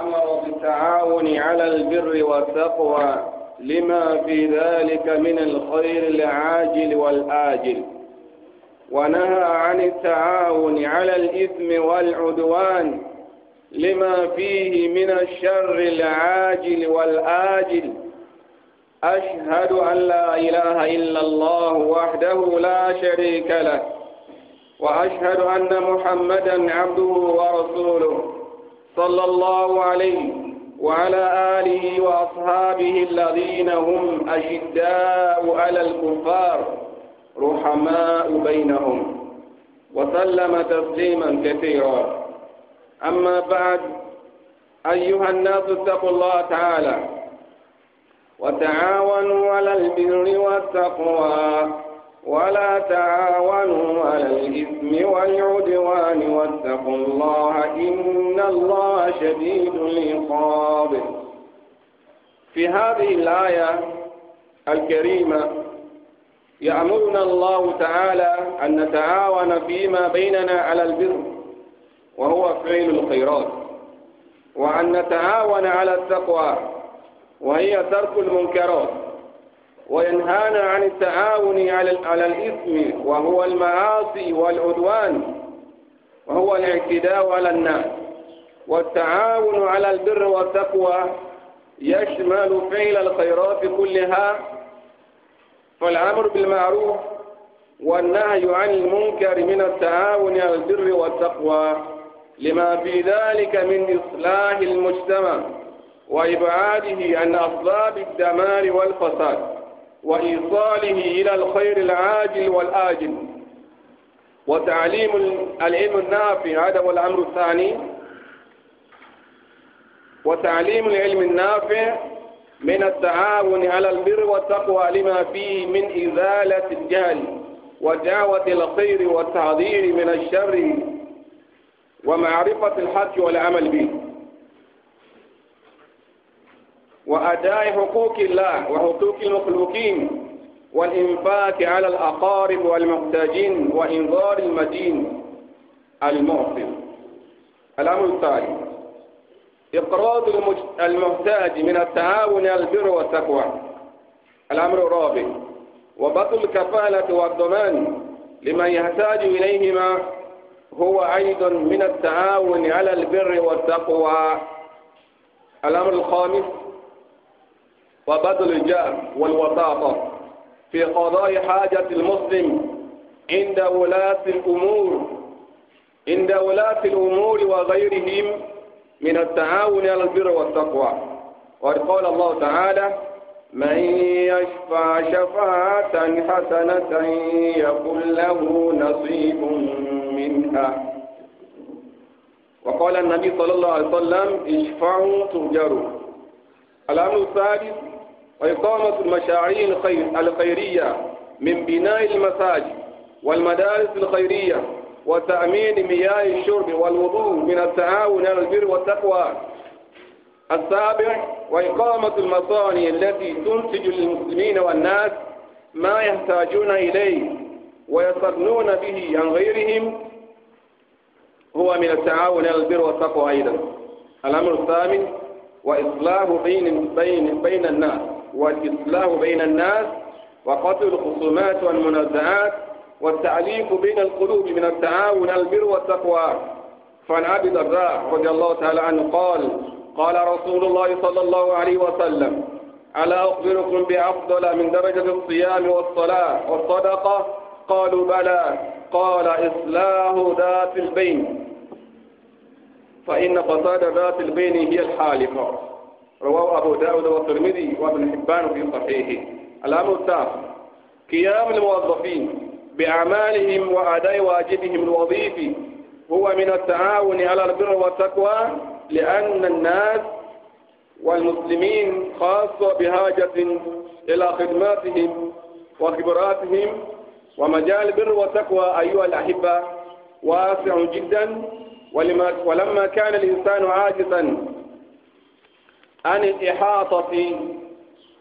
أمر بالتعاون على البر والتقوى لما في ذلك من الخير العاجل والآجل ونهى عن التعاون على الإثم والعدوان لما فيه من الشر العاجل والآجل أشهد أن لا إله إلا الله وحده لا شريك له وأشهد أن محمدا عبده ورسوله صلى الله عليه وعلى آله وأصحابه الذين هم أشداء على الكفار رحماء بينهم وسلم تسليما كثيرا أما بعد أيها الناس اتقوا الله تعالى وتعاونوا على البر والتقوى ولا تعاونوا على الإثم والعدوان واتقوا الله إن الله شديد العقاب في هذه الآية الكريمة يأمرنا الله تعالى أن نتعاون فيما بيننا على البر وهو فعل الخيرات وأن نتعاون على التقوى وهي ترك المنكرات وينهانا عن التعاون على على الإثم وهو المعاصي والعدوان وهو الاعتداء على الناس والتعاون على البر والتقوى يشمل فعل الخيرات كلها فالأمر بالمعروف والنهي عن المنكر من التعاون على البر والتقوى لما في ذلك من إصلاح المجتمع وإبعاده عن أسباب الدمار والفساد وإيصاله إلى الخير العاجل والآجل وتعليم العلم النافع هذا هو الأمر الثاني وتعليم العلم النافع من التعاون على البر والتقوى لما فيه من إزالة الجهل ودعوة الخير والتحذير من الشر ومعرفة الحق والعمل به وأداء حقوق الله وحقوق المخلوقين والإنفاق على الأقارب والمحتاجين وإنذار المدين المعصم الأمر الثاني إقراض المحتاج من التعاون على البر والتقوى الأمر الرابع وبطل الكفالة والضمان لمن يحتاج إليهما هو أيضا من التعاون على البر والتقوى الأمر الخامس وبذل الجهد والوساطة في قضاء حاجة المسلم عند ولاة الأمور عند ولاة الأمور وغيرهم من التعاون على البر والتقوى وقد قال الله تعالى من يشفع شفاعة حسنة يكن له نصيب منها وقال النبي صلى الله عليه وسلم اشفعوا تهجروا الأمر الثالث وإقامة المشاريع الخيرية من بناء المساجد والمدارس الخيرية وتأمين مياه الشرب والوضوء من التعاون على البر والتقوى السابع وإقامة المصانع التي تنتج للمسلمين والناس ما يحتاجون إليه ويستغنون به عن غيرهم هو من التعاون على البر والتقوى أيضا الأمر الثامن وإصلاح بين بين بين الناس والإصلاح بين الناس وقتل الخصومات والمنازعات والتعليق بين القلوب من التعاون البر والتقوى فعن أبي الدرداء رضي الله تعالى عنه قال قال رسول الله صلى الله عليه وسلم ألا أخبركم بأفضل من درجة الصيام والصلاة والصدقة قالوا بلى قال إصلاح ذات البين فإن فساد ذات البين هي الحالفة رواه أبو داود والترمذي وابن حبان في صحيحه الأمر الثالث قيام الموظفين بأعمالهم وأداء واجبهم الوظيفي هو من التعاون على البر والتقوى لأن الناس والمسلمين خاصة بحاجة إلى خدماتهم وخبراتهم ومجال البر والتقوى أيها الأحبة واسع جدا ولما, ولما كان الإنسان عاجزا عن الإحاطة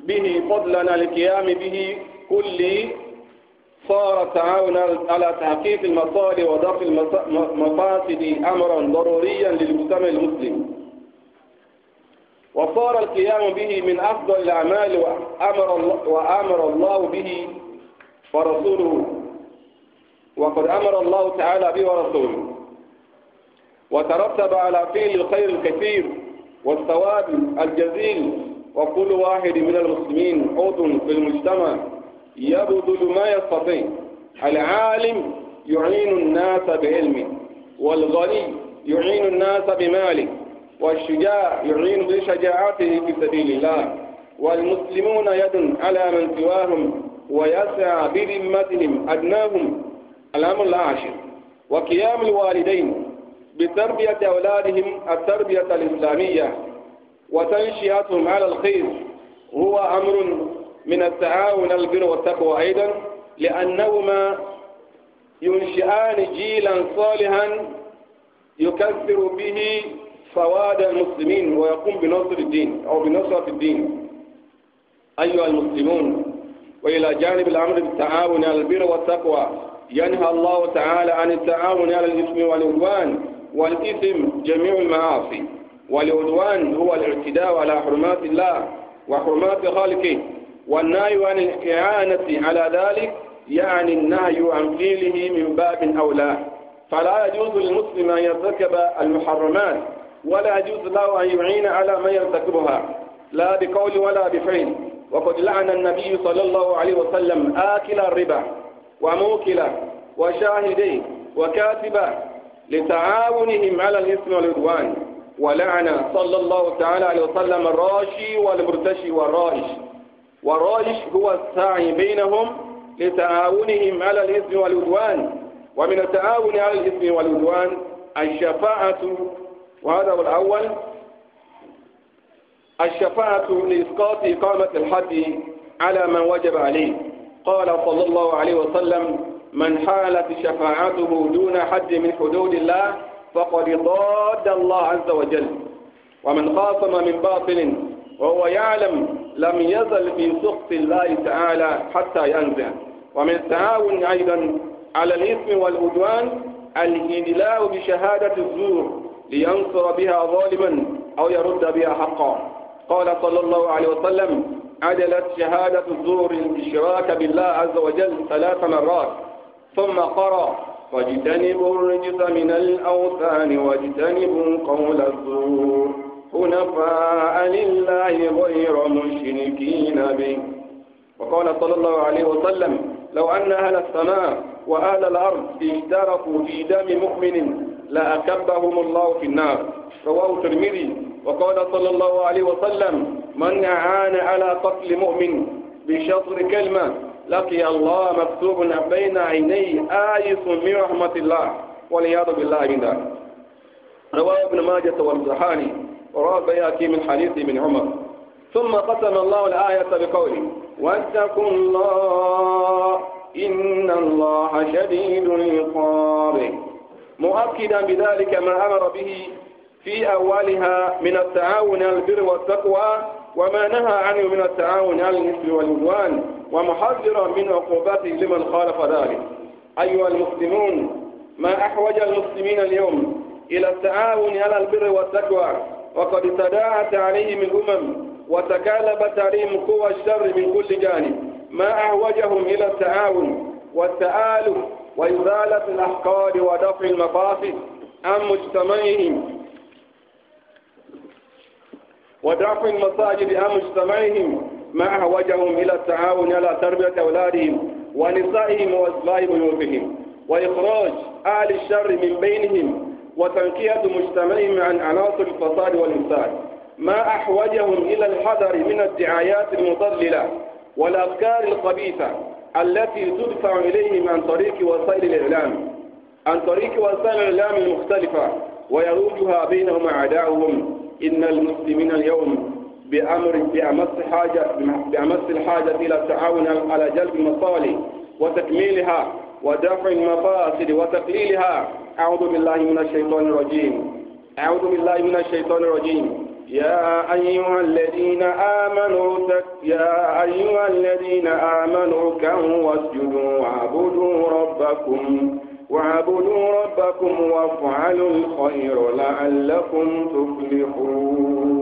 به فضلا عن القيام به كل صار التعاون على تحقيق المصالح ودفع المفاسد أمرا ضروريا للمجتمع المسلم وصار القيام به من أفضل الأعمال وأمر وأمر الله به ورسوله وقد أمر الله تعالى به ورسوله وترتب على فعل الخير الكثير والثواب الجزيل وكل واحد من المسلمين عود في المجتمع يبذل ما يستطيع العالم يعين الناس بعلمه والغني يعين الناس بماله والشجاع يعين بشجاعته في سبيل الله والمسلمون يد على من سواهم ويسعى بذمتهم أدناهم الأمر العاشر وقيام الوالدين بتربية أولادهم التربية الإسلامية وتنشئتهم على الخير هو أمر من التعاون البر والتقوى أيضا لأنهما ينشئان جيلا صالحا يكثر به فواد المسلمين ويقوم بنصر الدين أو بنصرة الدين أيها المسلمون وإلى جانب الأمر بالتعاون على البر والتقوى ينهى الله تعالى عن التعاون على الإثم والعدوان والإثم جميع المعاصي والعدوان هو الاعتداء على حرمات الله وحرمات خلقه والنهي عن الإعانة على ذلك يعني النهي عن فعله من باب أولى فلا يجوز للمسلم أن يرتكب المحرمات ولا يجوز له أن يعين على من يرتكبها لا بقول ولا بفعل وقد لعن النبي صلى الله عليه وسلم آكل الربا وموكله وشاهديه وكاتبه لتعاونهم على الإثم والعدوان ولعن صلى الله تعالى عليه وسلم الراشي والمرتشي والرائش والرائش هو الساعي بينهم لتعاونهم على الإثم والعدوان ومن التعاون على الإثم والعدوان الشفاعة وهذا هو الأول الشفاعة لإسقاط إقامة الحد على من وجب عليه قال صلى الله عليه وسلم من حالت شفاعته دون حد من حدود الله فقد ضاد الله عز وجل ومن خاصم من باطل وهو يعلم لم يزل في سخط الله تعالى حتى ينزع ومن التعاون أيضا على الإثم والعدوان الإدلاء بشهادة الزور لينصر بها ظالما أو يرد بها حقا قال صلى الله عليه وسلم عدلت شهادة الزور الإشراك بالله عز وجل ثلاث مرات ثم قرأ واجتنبوا الرجس من الأوثان واجتنبوا قول الزور حنفاء لله غير مشركين به وقال صلى الله عليه وسلم لو أن أهل السماء وأهل الأرض اشتركوا في دم مؤمن لأكبهم الله في النار رواه الترمذي وقال صلى الله عليه وسلم من أعان على قتل مؤمن بشطر كلمة لقي الله مكتوب بين عينيه آيس من رحمة الله والعياذ بالله من ذلك رواه ابن ماجة والزحاني ورواه بياكي من حديث ابن عمر ثم قسم الله الآية بقوله واتقوا الله إن الله شديد العقاب مؤكدا بذلك ما أمر به في أولها من التعاون على البر والتقوى وما نهى عنه من التعاون على الإثم والعدوان ومحذرا من عقوباته لمن خالف ذلك أيها المسلمون ما أحوج المسلمين اليوم إلى التعاون على البر والتقوى وقد تداعت عليهم الأمم وتكالبت عليهم قوى الشر من كل جانب ما أحوجهم إلى التعاون والتآلف وإزالة الأحقاد ودفع المفاسد عن مجتمعهم ودفع المساجد عن مجتمعهم ما أعوجهم إلى التعاون على تربية أولادهم ونسائهم وأسماء بيوتهم وإخراج أهل الشر من بينهم وتنقية مجتمعهم عن عناصر الفساد والإنسان ما أحوجهم إلى الحذر من الدعايات المضللة والأفكار الخبيثة التي تدفع إليهم عن طريق وسائل الإعلام عن طريق وسائل الإعلام المختلفة ويروجها بينهم أعداؤهم إن المسلمين اليوم بأمر بأمس حاجة بأمس الحاجة إلى التعاون على جلب المصالح وتكميلها ودفع المفاسد وتقليلها أعوذ بالله من الشيطان الرجيم أعوذ بالله من الشيطان الرجيم يا أيها الذين آمنوا يا أيها الذين آمنوا كهوا واسجدوا واعبدوا ربكم واعبدوا ربكم وافعلوا الخير لعلكم تفلحون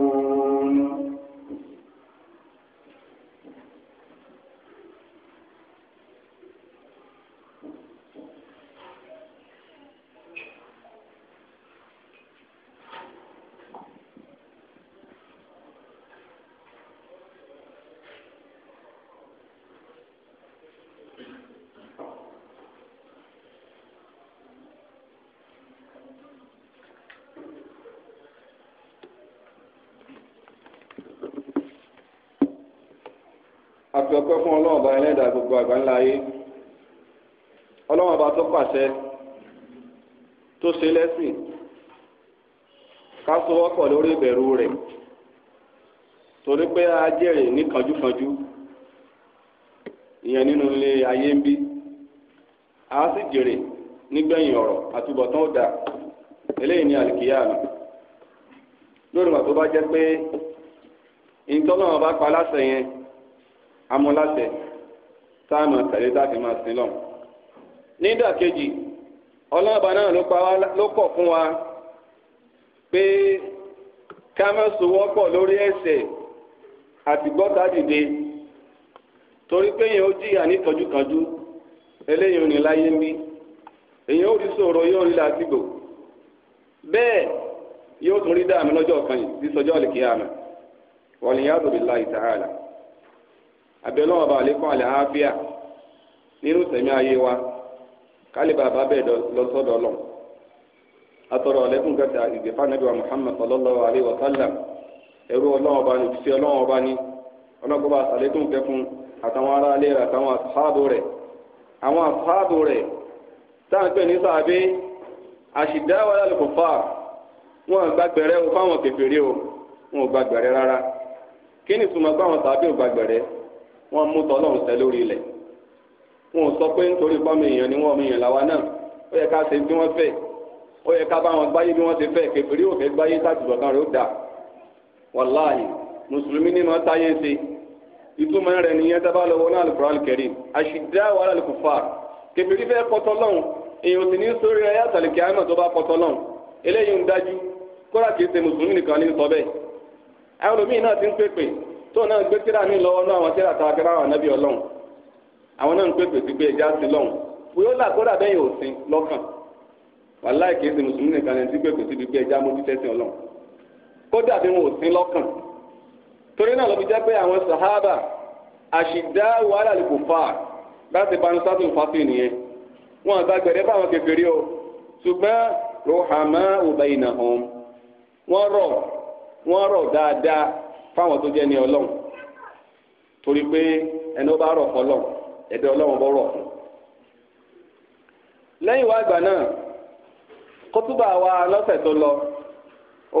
dúpẹ́ fún ọlọ́run ọba ẹlẹ́dàá gbogbo àgbáńlá ayé ọlọ́run ọba tó pàṣẹ tó ṣe lẹ́sìn ká sowọ́pọ̀ lórí ìbẹ̀rù rẹ̀ torí pé a jẹ́rìí ní kanjúkanjú ìyẹn nínú ilé ayé ń bí a sì jèrè nígbẹ̀yìn ọ̀rọ̀ amúláṣẹ táàmù tẹ̀lé tá a fi máa sin lọ. kejì ọlọ́ọ̀bá náà ló ló pọ̀ fún wa pé ká má sowọ́pọ̀ lórí ẹsẹ̀ àtìgbọ́ta dìde torí pé yẹn ó jìyà nítọ́júkanjú eléyìí ò ní láyé ń èyàn ó rí sòrò yóò rí làásìgbò bẹ́ẹ̀ yóò tún rí dààmú lọ́jọ́ kan yìí sísọjọ́ àlèkè àmà wọ̀nyí yàtọ̀ billahi ta'ala. abẹ́lẹ́ ọba àlékún àlẹ́ àáfíà nínú sẹ̀mí ayé wa kálíbà bá bẹ̀ lọ́sọ̀dọ̀ lọ atọ̀rọ̀ ọ̀lẹ́kùn gàtà ìgbèfà nàbí wa Muhammad sallallahu alayhi wa sallam ẹrú ọlọ́wọ́n ọba ní òfìsí ọlọ́wọ́n ọba ní ọlọ́gbọ́n bá sàlékún kẹfún àtàwọn ará ilé rẹ̀ àtàwọn àfáàbò rẹ̀ àwọn àfáàbò rẹ̀ táǹpẹ̀ ní sàbí àṣìdáwà lálùkùfà wọn gbàgbẹ̀rẹ̀ o fáwọn kèfèrí o wọn ò rárá kí ni ìtumọ̀ pé àwọn sàbí wọ́n mú tọ́lọ́run sẹ́ lórí ilẹ̀ wọn ò sọ pé nítorí pọ́nmi èèyàn ni wọ́n mi yàn láwa náà ó yẹ ká ṣe bí wọ́n fẹ́ ó yẹ ká bá wọn gbáyé bí wọ́n ti fẹ́ kẹfìrí òfé gbáyé sátìgbọ̀ kan rẹ̀ ó dà wàláhì mùsùlùmí ni wọ́n táyé ṣe ìtumọ̀ rẹ̀ nìyẹn tá a bá lọ wọnú Al-Qur'an Karim àṣìdá wàhálà lè kò fà kẹfìrí fẹ́ kọ́tọ́ lọ́hùn èèyàn sì ní sórí ayé àtàlẹ́kẹ́ àmọ̀ tó bá kọ́tọ́ lọ́hùn eléyìí ń dájú kóra kìí ṣe tó náà gbé tíra mi lọ́wọ́ náà àwọn tíra tàbí ara àwọn ànábì ọlọ́run àwọn náà ń pè pèsè pé ẹja sí lọ́hùn fúyó là kódà bẹ́yìn òsín lọ́kàn wàláì kìí ṣe mùsùlùmí nìkan ní ti pè pèsè pé ẹja mójú tẹ́sìn ọlọ́run kódà bí wọn òsín lọ́kàn torí náà ló jẹ́ pé àwọn sàhábà àṣìdá wàhálà lè kò fà á láti banu sátò fásitì nìyẹn wọn àgbà gbẹ̀rẹ́ fáwọn kékeré o ṣùgbọ́n rohama ò bẹ̀yìn náà hàn wọ́n rọ̀ wọ́n rọ̀ dáadáa fáwọn tó jẹ́ ní ọlọ́run torí pé ẹni ó bá rọ̀ fún ọlọ́run ẹ̀dẹ̀ ọlọ́run bọ́ fún. lẹ́yìn wá àgbà náà kótóbà wa lọ́sẹ̀ tó lọ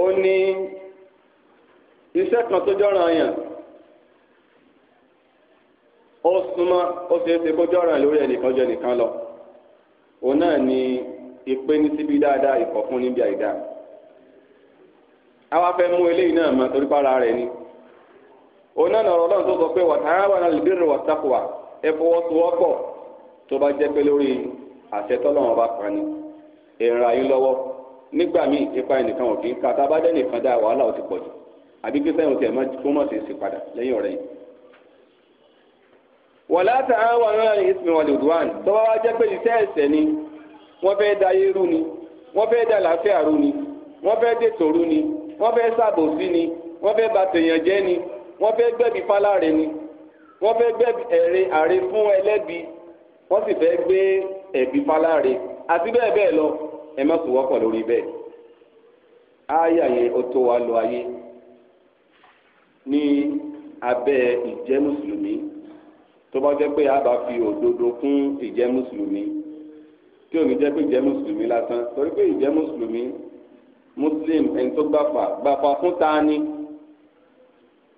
ó ní iṣẹ́ kan tó jọ̀ràn yàn ó súnmọ́ ó ṣeé ṣe kó jọ̀ràn lórí ẹnìkan jọ nìkan lọ òun náà ni ìpè ní síbi dáadáa ìkọ̀fún níbi àìdáa àwa fẹ́ mú eléyìí náà mọ́ torí pàrọ̀ rẹ̀ ni. Ona na ọlọ́run tó sọ pé wàtáwà náà lè bẹ̀rẹ̀ wàtákùwà ẹ fọwọ́sowọ́pọ̀ tó bá jẹ́ pé lórí àṣẹ ọba kan ni èrò ayé lọ́wọ́ nígbà míì ipa ẹnìkan ò kí ń ka tábá dẹ́ nìkan dá wàhálà ó ti pọ̀ jù àbí kí sẹ́yìn tiẹ̀ kó mọ̀ sí sí padà lẹ́yìn ọ̀rẹ́ yìí. wọ̀lá tàwọn náà ní ismi wal udwan tó bá wá jẹ́ pé iṣẹ́ ẹ̀sẹ̀ ni wọ́n fẹ́ da ayé rú ni wọ́n fẹ́ da làáfíà rú ni wọ́n fẹ́ dètò rú ni wọ́n fẹ́ ṣàbòsí ni wọ́n fẹ́ ba tèèyàn jẹ́ ni wọ́n fẹ́ gbẹ̀bí fáláre ni wọ́n fẹ́ gbẹ̀bí ẹ̀rẹ́ àrẹ fún ẹlẹ́bi wọ́n sì fẹ́ gbé ẹ̀bí fáláre àti bẹ́ẹ̀ bẹ́ẹ̀ lọ ẹ má sùn wọ́pọ̀ lórí bẹ́ẹ̀ ááyà yẹn ó tó wa lọ ayé ní abẹ́ ìjẹ́ mùsùlùmí tó bá jẹ́ pé a bá fi òdodo kún ìjẹ́ mùsùlùmí tí ò ní pé ìjẹ́ mùsùlùmí lásán torí pé ìjẹ́ mùsùlùmí muslim ẹni tó gbàfà gbàfà fún ta ni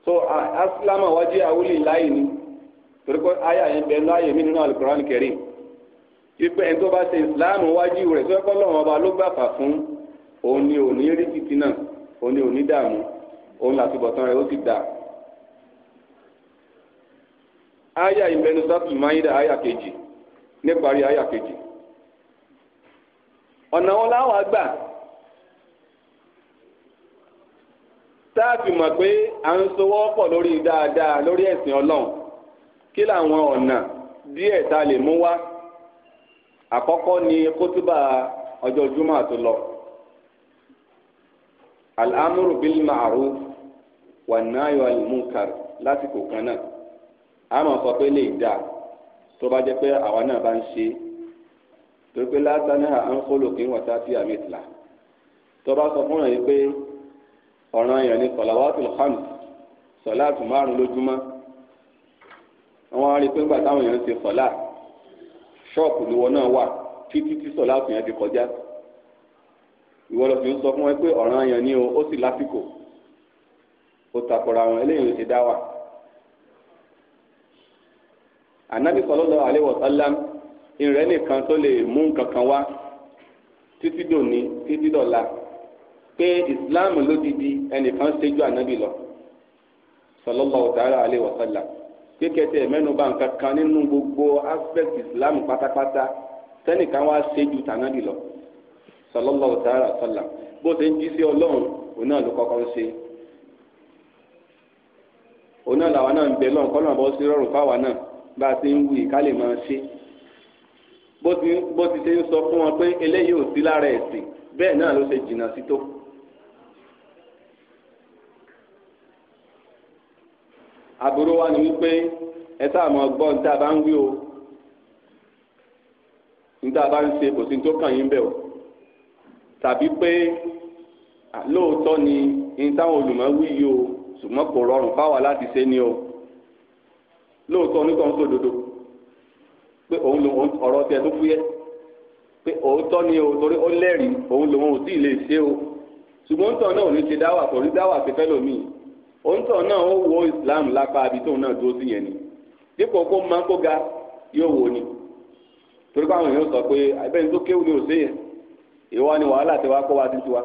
so asilama wájú àwòlì láyé ni torí pé ayé àyẹn bẹ láyé mi nínú alukurani kẹrin ipe ẹni tó bá ṣe islam wájú rẹ̀ tó ẹkọ lọ́wọ́ ọba ló gbàfà fún òun ni òní rí títí náà òun ni òní dààmú òun làti bọ̀tán rẹ̀ ó sì dà. aya ìbẹnu sátú mayida aya kejì níparí aya kejì ọ̀nà wọn láwọn àgbà. táàbì mọ̀ pé à ń sowọ́ pọ̀ lórí dáadáa lórí ẹ̀sìn ọlọ́run kí làwọn ọ̀nà díẹ̀ tá a lè mú wá àkọ́kọ́ ni kótóbà ọjọ́ júmọ̀ tó lọ al'amuru bil ma'ruf wà náyọ̀ al-munkar lásìkò kan náà a máa sọ pé lè dáa tó bá jẹ́ pé àwa náà bá ń ṣe tó pé látà náà à ń kólò kí wọ́n sá sí àmì ìtìlá tó bá sọ fún ẹ̀ pé ọ̀ràn yẹn ni sọ̀làwátù hàn sọ̀láàtù márùn lójúmọ́ àwọn arí pé ńgbà táwọn èèyàn ń ṣe sọ̀lá ni wọn náà wà títí tí sọ̀láàtù yẹn fi kọjá ìwọ lọ sí ń sọ fún wọn pé ọ̀ràn yẹn ni o ó sì lásìkò ó takora wọn eléyìí ti dá wà. ànábì sallallahu alaihi wasallam ìrẹ́ nìkan tó lè mú nǹkan kan wá títí dòní títí dọ̀la pé islam lódìdí ẹnìkan ṣẹ́jú ànábì lọ sallallahu ta'ala alaihi wa sallam kékeré mẹ́nubà nǹkan kan nínú gbogbo aspect islam pátápátá sẹ́nìkan wá ṣẹ́jú tànábì lọ sallallahu ta'ala alaihi wa sallam bó ṣe ń jí sí ọlọ́run òun náà ló kọ́kọ́ ń ṣe òun náà làwa náà ń bẹ lọ́run kọ́ lọ́run bọ́ sí rọrùn fáwa náà bá a ti ń wù ká lè máa ṣe bó ti ṣe ń sọ fún wọn pé eléyìí ò sí lára ẹ̀sìn bẹ́ẹ̀ náà ló ṣe jìnnà sí tó. àbúrò wa ni wípé ẹ sáà mọ gbọ́ ní tá a bá ń wí o ní tá a bá ń ṣe kò sí tó kàn yín bẹ́ẹ̀ o tàbí pé lóòótọ́ ni ní táwọn olùmọ̀ wí yìí o ṣùgbọ́n kò rọrùn fáwa láti ṣe ni o lóòótọ́ onítọ̀hún tó dodo pé òun lòun ọ̀rọ̀ tiẹ̀ tó fúyẹ́ pé òótọ́ ni o torí ó lẹ́rìí òun lòun ò tí lè ṣe o ṣùgbọ́n tọ̀ náà ò ní ṣe dáwà kò rí dáwà ṣe fẹ́ òǹtọ̀ náà ó wo Islam lápá àbí tóun náà dúró sí yẹn ni dípò kó máa ga yóò wò ni torí pé àwọn èèyàn sọ pé abẹ́ni tó kéwù ni ò sí yẹn ni wàhálà tí wàá kó wa títí wa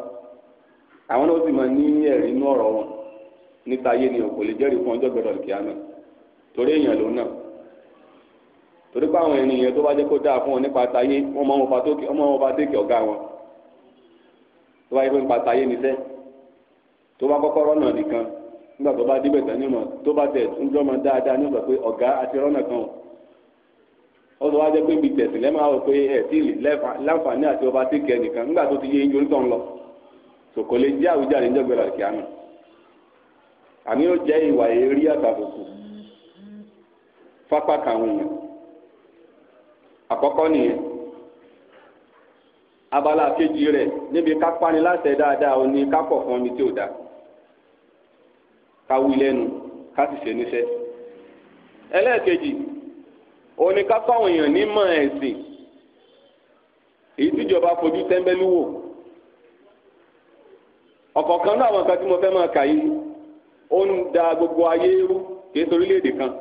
àwọn náà sì máa ní ẹ̀rí inú ọ̀rọ̀ wọn níta ayé ni kò lè jẹ́rìí fún ọjọ́ gbọdọ̀ kí á torí èèyàn ló náà torí pé àwọn ènìyàn tó fún wọn nípa máa ń wọn tó bá yẹ nípa tó bá kọ́kọ́ rọ́nà nìkan nígbà tó bá débẹ̀ tán ní mọ̀ tó bá tẹ̀ ń jọ́ mọ dáadáa nígbà pé ọ̀gá àti rọ́nà kan ó sọ wá jẹ́ pé ibi tẹ̀sí lẹ́mọ̀ àwọn pé ẹ̀ tí láǹfààní àti ọba tí kẹ́ nìkan nígbà tó ti yé yín onítọ̀ ń lọ sòkò lè jẹ́ àwùjáde níjọ́gbẹ̀rẹ̀ àti àmì àmì ó jẹ́ ìwà èrí àtàbùkù fápá kàwọn èèyàn àkọ́kọ́ nìyẹn abala kejì rẹ̀ níbi kápáni láṣẹ dáadáa ó ní kápọ̀ fún omi tí ò dáa ká wí lẹ́nu ká sì ṣe níṣẹ́ ẹlẹ́ẹ̀kejì òun ni ká fáwọn èèyàn nímọ̀ ẹ̀sìn èyí tíjọba fojú tẹ́ńbẹ́lú wò ọ̀kọ̀ọ̀kan náà àwọn nǹkan tí mo fẹ́ máa kà yìí ó ń da gbogbo ayé rú kì í sorílẹ̀-èdè kan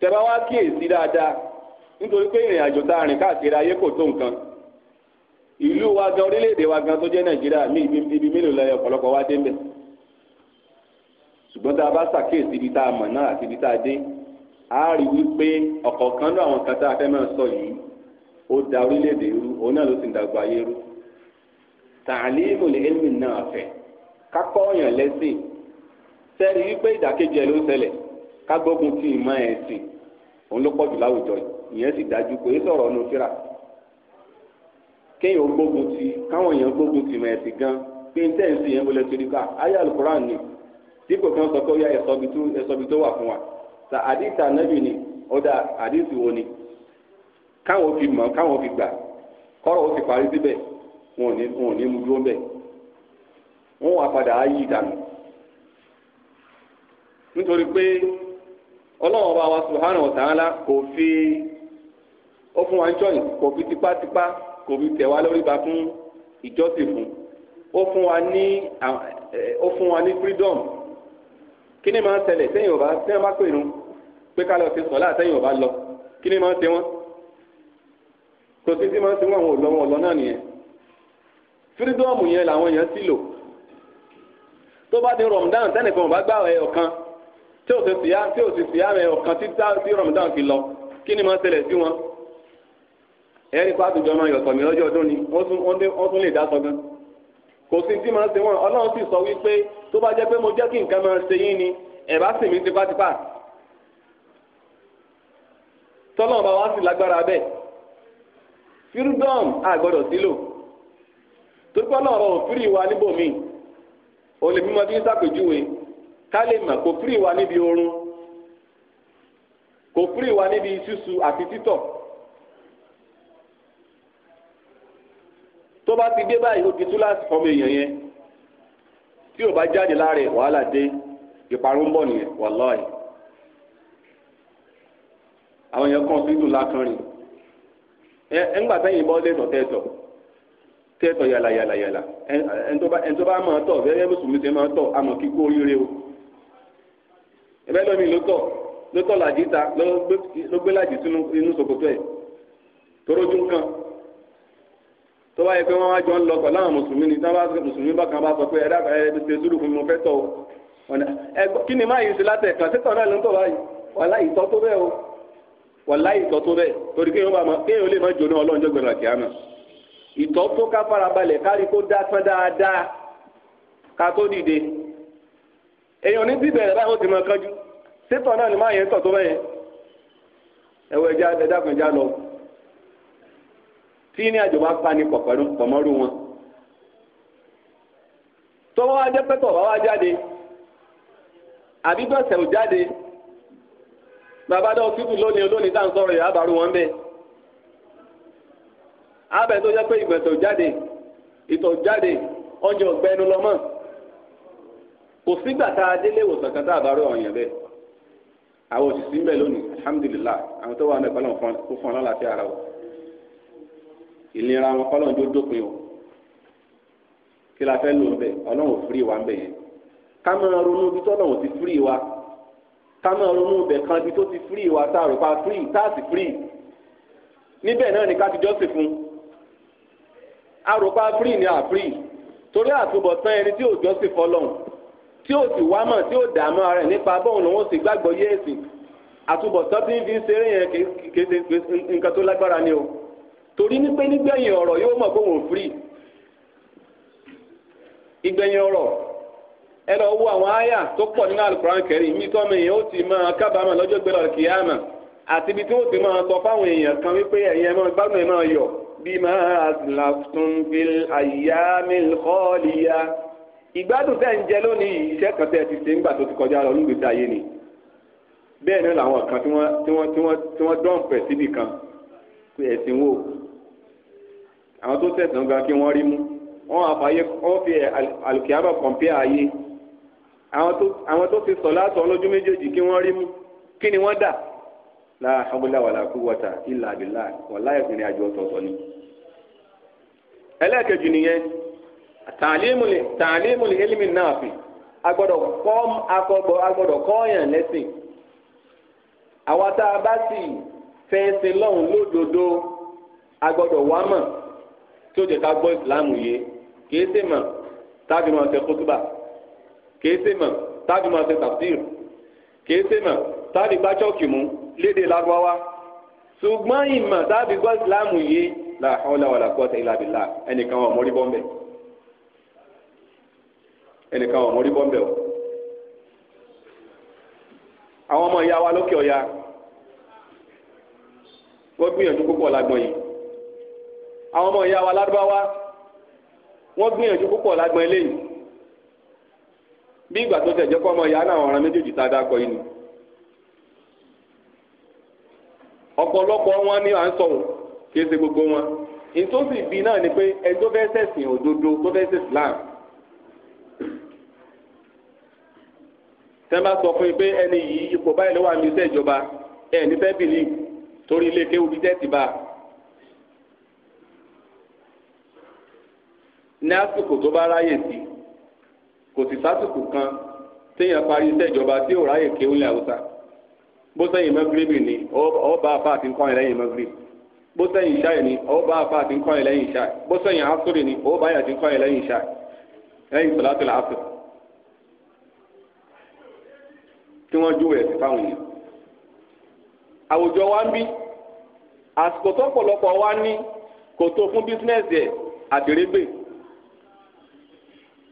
tẹ́bá wá kíyèsí dáadáa nítorí pé ìrìn àjò tá a rìn káàkiri ayé kò tó nǹkan ìlú wa gan orílẹ̀-èdè wa gan tó jẹ́ nàìjíríà ní ibi mélòó lẹ́yìn ọ̀pọ̀lọpọ̀ wá dé mbẹ́ ṣùgbọ́n tá a bá ṣàkíyèsí ibi tá a mọ̀ náà àti ibi tá a dé a rí wípé ọ̀kọ̀ọ̀kan náà àwọn kan tá a fẹ́ máa sọ yìí ó da orílẹ̀-èdè rú òun náà ló sì ń dàgbà ayé rú tàlímù lè émi náà fẹ́ kákọ́ ọ̀yàn lẹ́sìn sẹ́ni wípé ìdàkejì ẹ̀ ló ṣẹlẹ̀ kágbógun ti ìmọ̀ ẹ̀sìn òun ló pọ̀jù láwùjọ ìyẹn sì dájú pé sọ̀rọ̀ ọ̀nù síra kéèyàn gbógun ti káwọn èèyàn gbógun ti ìmọ̀ ẹ̀sìn gan pé ní tẹ́ǹsì yẹn wọlé torí ká ayé alukuráànì dípò kí wọ́n sọ pé ó yá ẹ̀sọ́bi tó wà fún wa sa àdìsí ànábì ni ó dá àdìsí wo ni káwọn fi mọ̀ káwọn fi gbà kọ́rọ̀ ó ti parí síbẹ̀ wọn ò ní mú dúró bẹ́ẹ̀ wọn wà padà á yí ìdànù nítorí pé ọlọ́run ọba wa subhanahu wa ta'ala kò fi ó fún wa ń jọyìn kò fi tipátipá kò fi tẹ̀ wá lórí ba fún ìjọsìn fún ó fún wa ní ó fún wa ní freedom kí ni máa ń ṣẹlẹ̀ sẹ́yìn ò bá sẹ́yìn bá pè nù pé ká lọ sí sọ̀lá sẹ́yìn ò bá lọ kí ni máa ń ṣe wọ́n kò sí sí máa ń ṣe wọ́n àwọn òlọ́ wọn ọ̀lọ́ náà nìyẹn fírídọ́ọ̀mù yẹn làwọn èèyàn sì lò tó bá di rọ̀mùdáhùn sẹ́nìkan ò bá gbà ẹyọ kan tí ò sì síyá tí ò sì síyá ẹyọ kan tí rọ̀mùdáhùn fi lọ kí ni máa ń ṣẹlẹ̀ sí wọn ẹ̀rí pàtùjọ máa yọ̀tọ̀ mi lọ́jọ́ ọdún ni wọ́n tún lè dá sọ gan kò máa ń wọn ọlọ́run sì sọ wípé tó bá jẹ́ pé mo jẹ́ kí nǹkan máa ṣe yín ni ẹ̀ bá sì mí tipátipá tọ́lọ́n bá wá sí lágbára bẹ́ẹ̀ freedom àgbọ̀dọ̀ sílò torí pé ọlọ́run ò fírì wa níbòmíì ò lè mímọ bí ń sàpèjúwe ká lè mà kò fírì wa níbi oorun kò fírì wa níbi ṣíṣu àti títọ̀ tó bá ti dé báyìí ó ti tú láti fọmọ èèyàn yẹn tí o bá jáde láre wàhálà dé ìparun ń bọ̀ nìyẹn wàláì àwọn èèyàn kan sídùn lákan rìn ẹ ẹ ńgbà sẹ́yìn bọ́ lẹ́tọ̀ tẹ́tọ̀ tẹ́tọ̀ yàlà yàlà yàlà ẹni tó bá máa tọ̀ bẹ́ẹ̀ mùsùlùmí ṣe máa tọ̀ àmọ́ kíkó oríire o ẹbẹ́ lómi ló tọ̀ ló tọ̀ làjí ta ló gbé làjí sínú inú ẹ̀ torójú nǹkan tó bá yẹ pé wọ́n wá jọ ń lọ pẹ̀lú àwọn mùsùlùmí ni tí wọ́n bá mùsùlùmí bákan bá sọ pé ẹ̀dá ẹ̀ ṣe sùúrù fún mi mo fẹ́ tọ̀ o kí ni má yìí ṣe látẹ̀ kàn sí tọ̀nà ló ń tọ̀ báyìí wàlá ìtọ́ tó bẹ́ẹ̀ o wàlá ìtọ́ tó bẹ́ẹ̀ torí kéèyàn lè má jóná ọlọ́njọ́ gbẹ̀rẹ̀ kíámà ìtọ́ tó ká farabalẹ̀ kárí kó dá tán dáadáa ká tó dìde èèyàn ní ti bẹ̀rẹ̀ báyìí ó ti mọ kánjú sétọ̀ náà ni má yẹn tọ̀ tó bẹ́ẹ̀ ẹ̀wọ̀ ẹ̀dá ẹ̀dá kan já lọ tí ní àjò pa ní wọn tọwọ́ ajẹ́ pẹ́tọ̀ bá wá jáde àbí gbọ̀nsẹ̀ ò jáde síbù lónìí olónìí tá à ń sọ̀rọ̀ yìí wọn bẹ́ẹ̀ abẹ tó jẹ́ pé ìgbọ̀nsẹ̀ ò jáde ìtọ̀ jáde ọjọ́ lọ́mọ́ kò sígbà tá a délé ìwòsàn ìlera wọn kọ́ lọ́njọ́ dópin o kí la fẹ́ lò bẹ́ẹ̀ ọlọ́run fúri wa bẹ́ẹ̀ yẹn ká máa ronú ibi tó ti fúri wa ká máa ronú ibẹ̀ kan ibi tó ti fúri wa tá a rò pa fúri tá a sì fúri níbẹ̀ náà ni ká ti jọ́sìn fún a rò pa fúri ni a fúri torí àtúbọ̀tán ẹni tí ò jọ́sìn fọlọ́run tí ó sì wá mọ̀ tí ó dààmú ara ẹ̀ nípa bọ́ọ̀n lòun ó sì gbàgbọ́ yéèsì àtúbọ̀tán tí ń fi ṣeré yẹn kì nǹkan tó lágbára ni o torí ní pé nígbẹ̀yìn ọ̀rọ̀ yóò mọ̀ pé wọ́n free ìgbẹ̀yìn ọ̀rọ̀ ẹ lọ wo àwọn àyà tó pọ̀ nínú alukuran kẹrin mi tọ́ mi yẹn ó ti máa kábàámọ̀ lọ́jọ́ gbẹ́lẹ̀ ọ̀rọ̀ kìyàmà àti ibi tí ó ti máa sọ fáwọn èèyàn kan wípé ẹ̀yin ẹ̀ máa gbádùn ẹ̀ máa yọ̀ bima aslaftum fil ayyamil khaliya ìgbádùn tẹ̀ ń jẹ lónìí iṣẹ́ kan tẹ̀ ti ṣe ńgbà tó ti kọjá lọ lùgbèsè ayé ni bẹ́ẹ̀ náà làwọn kan tí wọ́n tí wọ́n tí wọ́n dọ̀ǹpẹ̀ síbì kan ẹ̀sìn wo àwọn tó tẹ̀sán gan kí wọ́n rí mú wọ́n àfààyè wọ́n fi àlùkìyàbọ̀ kọ̀m̀pẹ́ ààyè àwọn tó fi sọ̀ látọ̀ ọlọ́jú méjèèjì kí wọ́n rí mú kí ni wọ́n dà la hawla wala quwwata illa billah wallahi ìpínlẹ̀ àjọ ọ̀tọ̀ọ̀tọ̀ ni. ẹlẹ́ẹ̀kejì nìyẹn tàlímùlì tàlímùlì ilmi nafi agbọ́dọ̀ kọ́ akọ́gbọ́ agbọ́dọ̀ kọ́ọ̀yàn lẹ́sìn àwa tá a bá sì fẹ́ sin lọ́hùn lódodo agbọ́dọ̀ wá mọ̀ tí o jẹ́ ká gbọ́ ìsìláàmù yìí kìí ṣe mọ̀ tábì máa ṣe kótóbà kìí ṣe mọ̀ tábì máa ṣe tafsir kìí ṣe mọ̀ tábì bá chọ́ọ̀kì mú léde lárúbáwá ṣùgbọ́n ìmọ̀ tábì gbọ́ ìsìláàmù yìí la hawla wala quwwata illa billah ẹnìkan wọn mórí bọ́m̀bẹ̀ ẹnìkan wọn mórí bọ́m̀bẹ̀ o àwọn ọmọ ìyá wa lókè ọ̀ya wọ́n gbìyànjú púpọ̀ lágbọ́n yìí àwọn ọmọ ìyá wa lárúbáwá wọ́n gbìyànjú púpọ̀ lágbọn eléyìí bí ìgbà tó tẹ̀jẹ́ kọ́ ọmọ ìyá náà ọ̀ràn méjèèjì tá a dákọ yìí ni ọ̀pọ̀lọpọ̀ wọn ni à ń sọ̀rọ̀ kì í ṣe gbogbo wọn ìtòsí bíi náà ni pé ẹni tó fẹ́ òdodo tó fẹ́ ṣe Islam tẹ́ bá sọ fún yín pé ẹni yìí ipò báyìí ló wà ní iṣẹ́ ìjọba ẹ̀ ní fẹ́ bìlì torí ilé kéwù bíi tẹ́tì bá a. ní àsìkò tó bá ráyè sí kò sì sásìkò kan téèyàn parí iṣẹ́ ìjọba tí ò ráyè kéwù ní àwùsá bó sẹ́yìn mẹ́gírìbì ni ọwọ́ bá àfa àti nǹkan ẹ̀lẹ́yìn mẹ́gírìbì bó sẹ́yìn ìṣáì ni ọwọ́ bá àfa àti nǹkan ẹ̀lẹ́yìn ìṣáì bó sẹ́yìn asúrì ni ọwọ́ bá àti nǹkan ẹ̀lẹ́yìn ìṣáì lẹ́yìn sọ̀láṣí làásù tí wọ́n júwèé sí fáwọn èèyàn. àwùjọ wa ń bí àsìkò tó pọ̀lọpọ̀ wa ní kò tó fún bísínẹ́sì ẹ̀ àdérégbè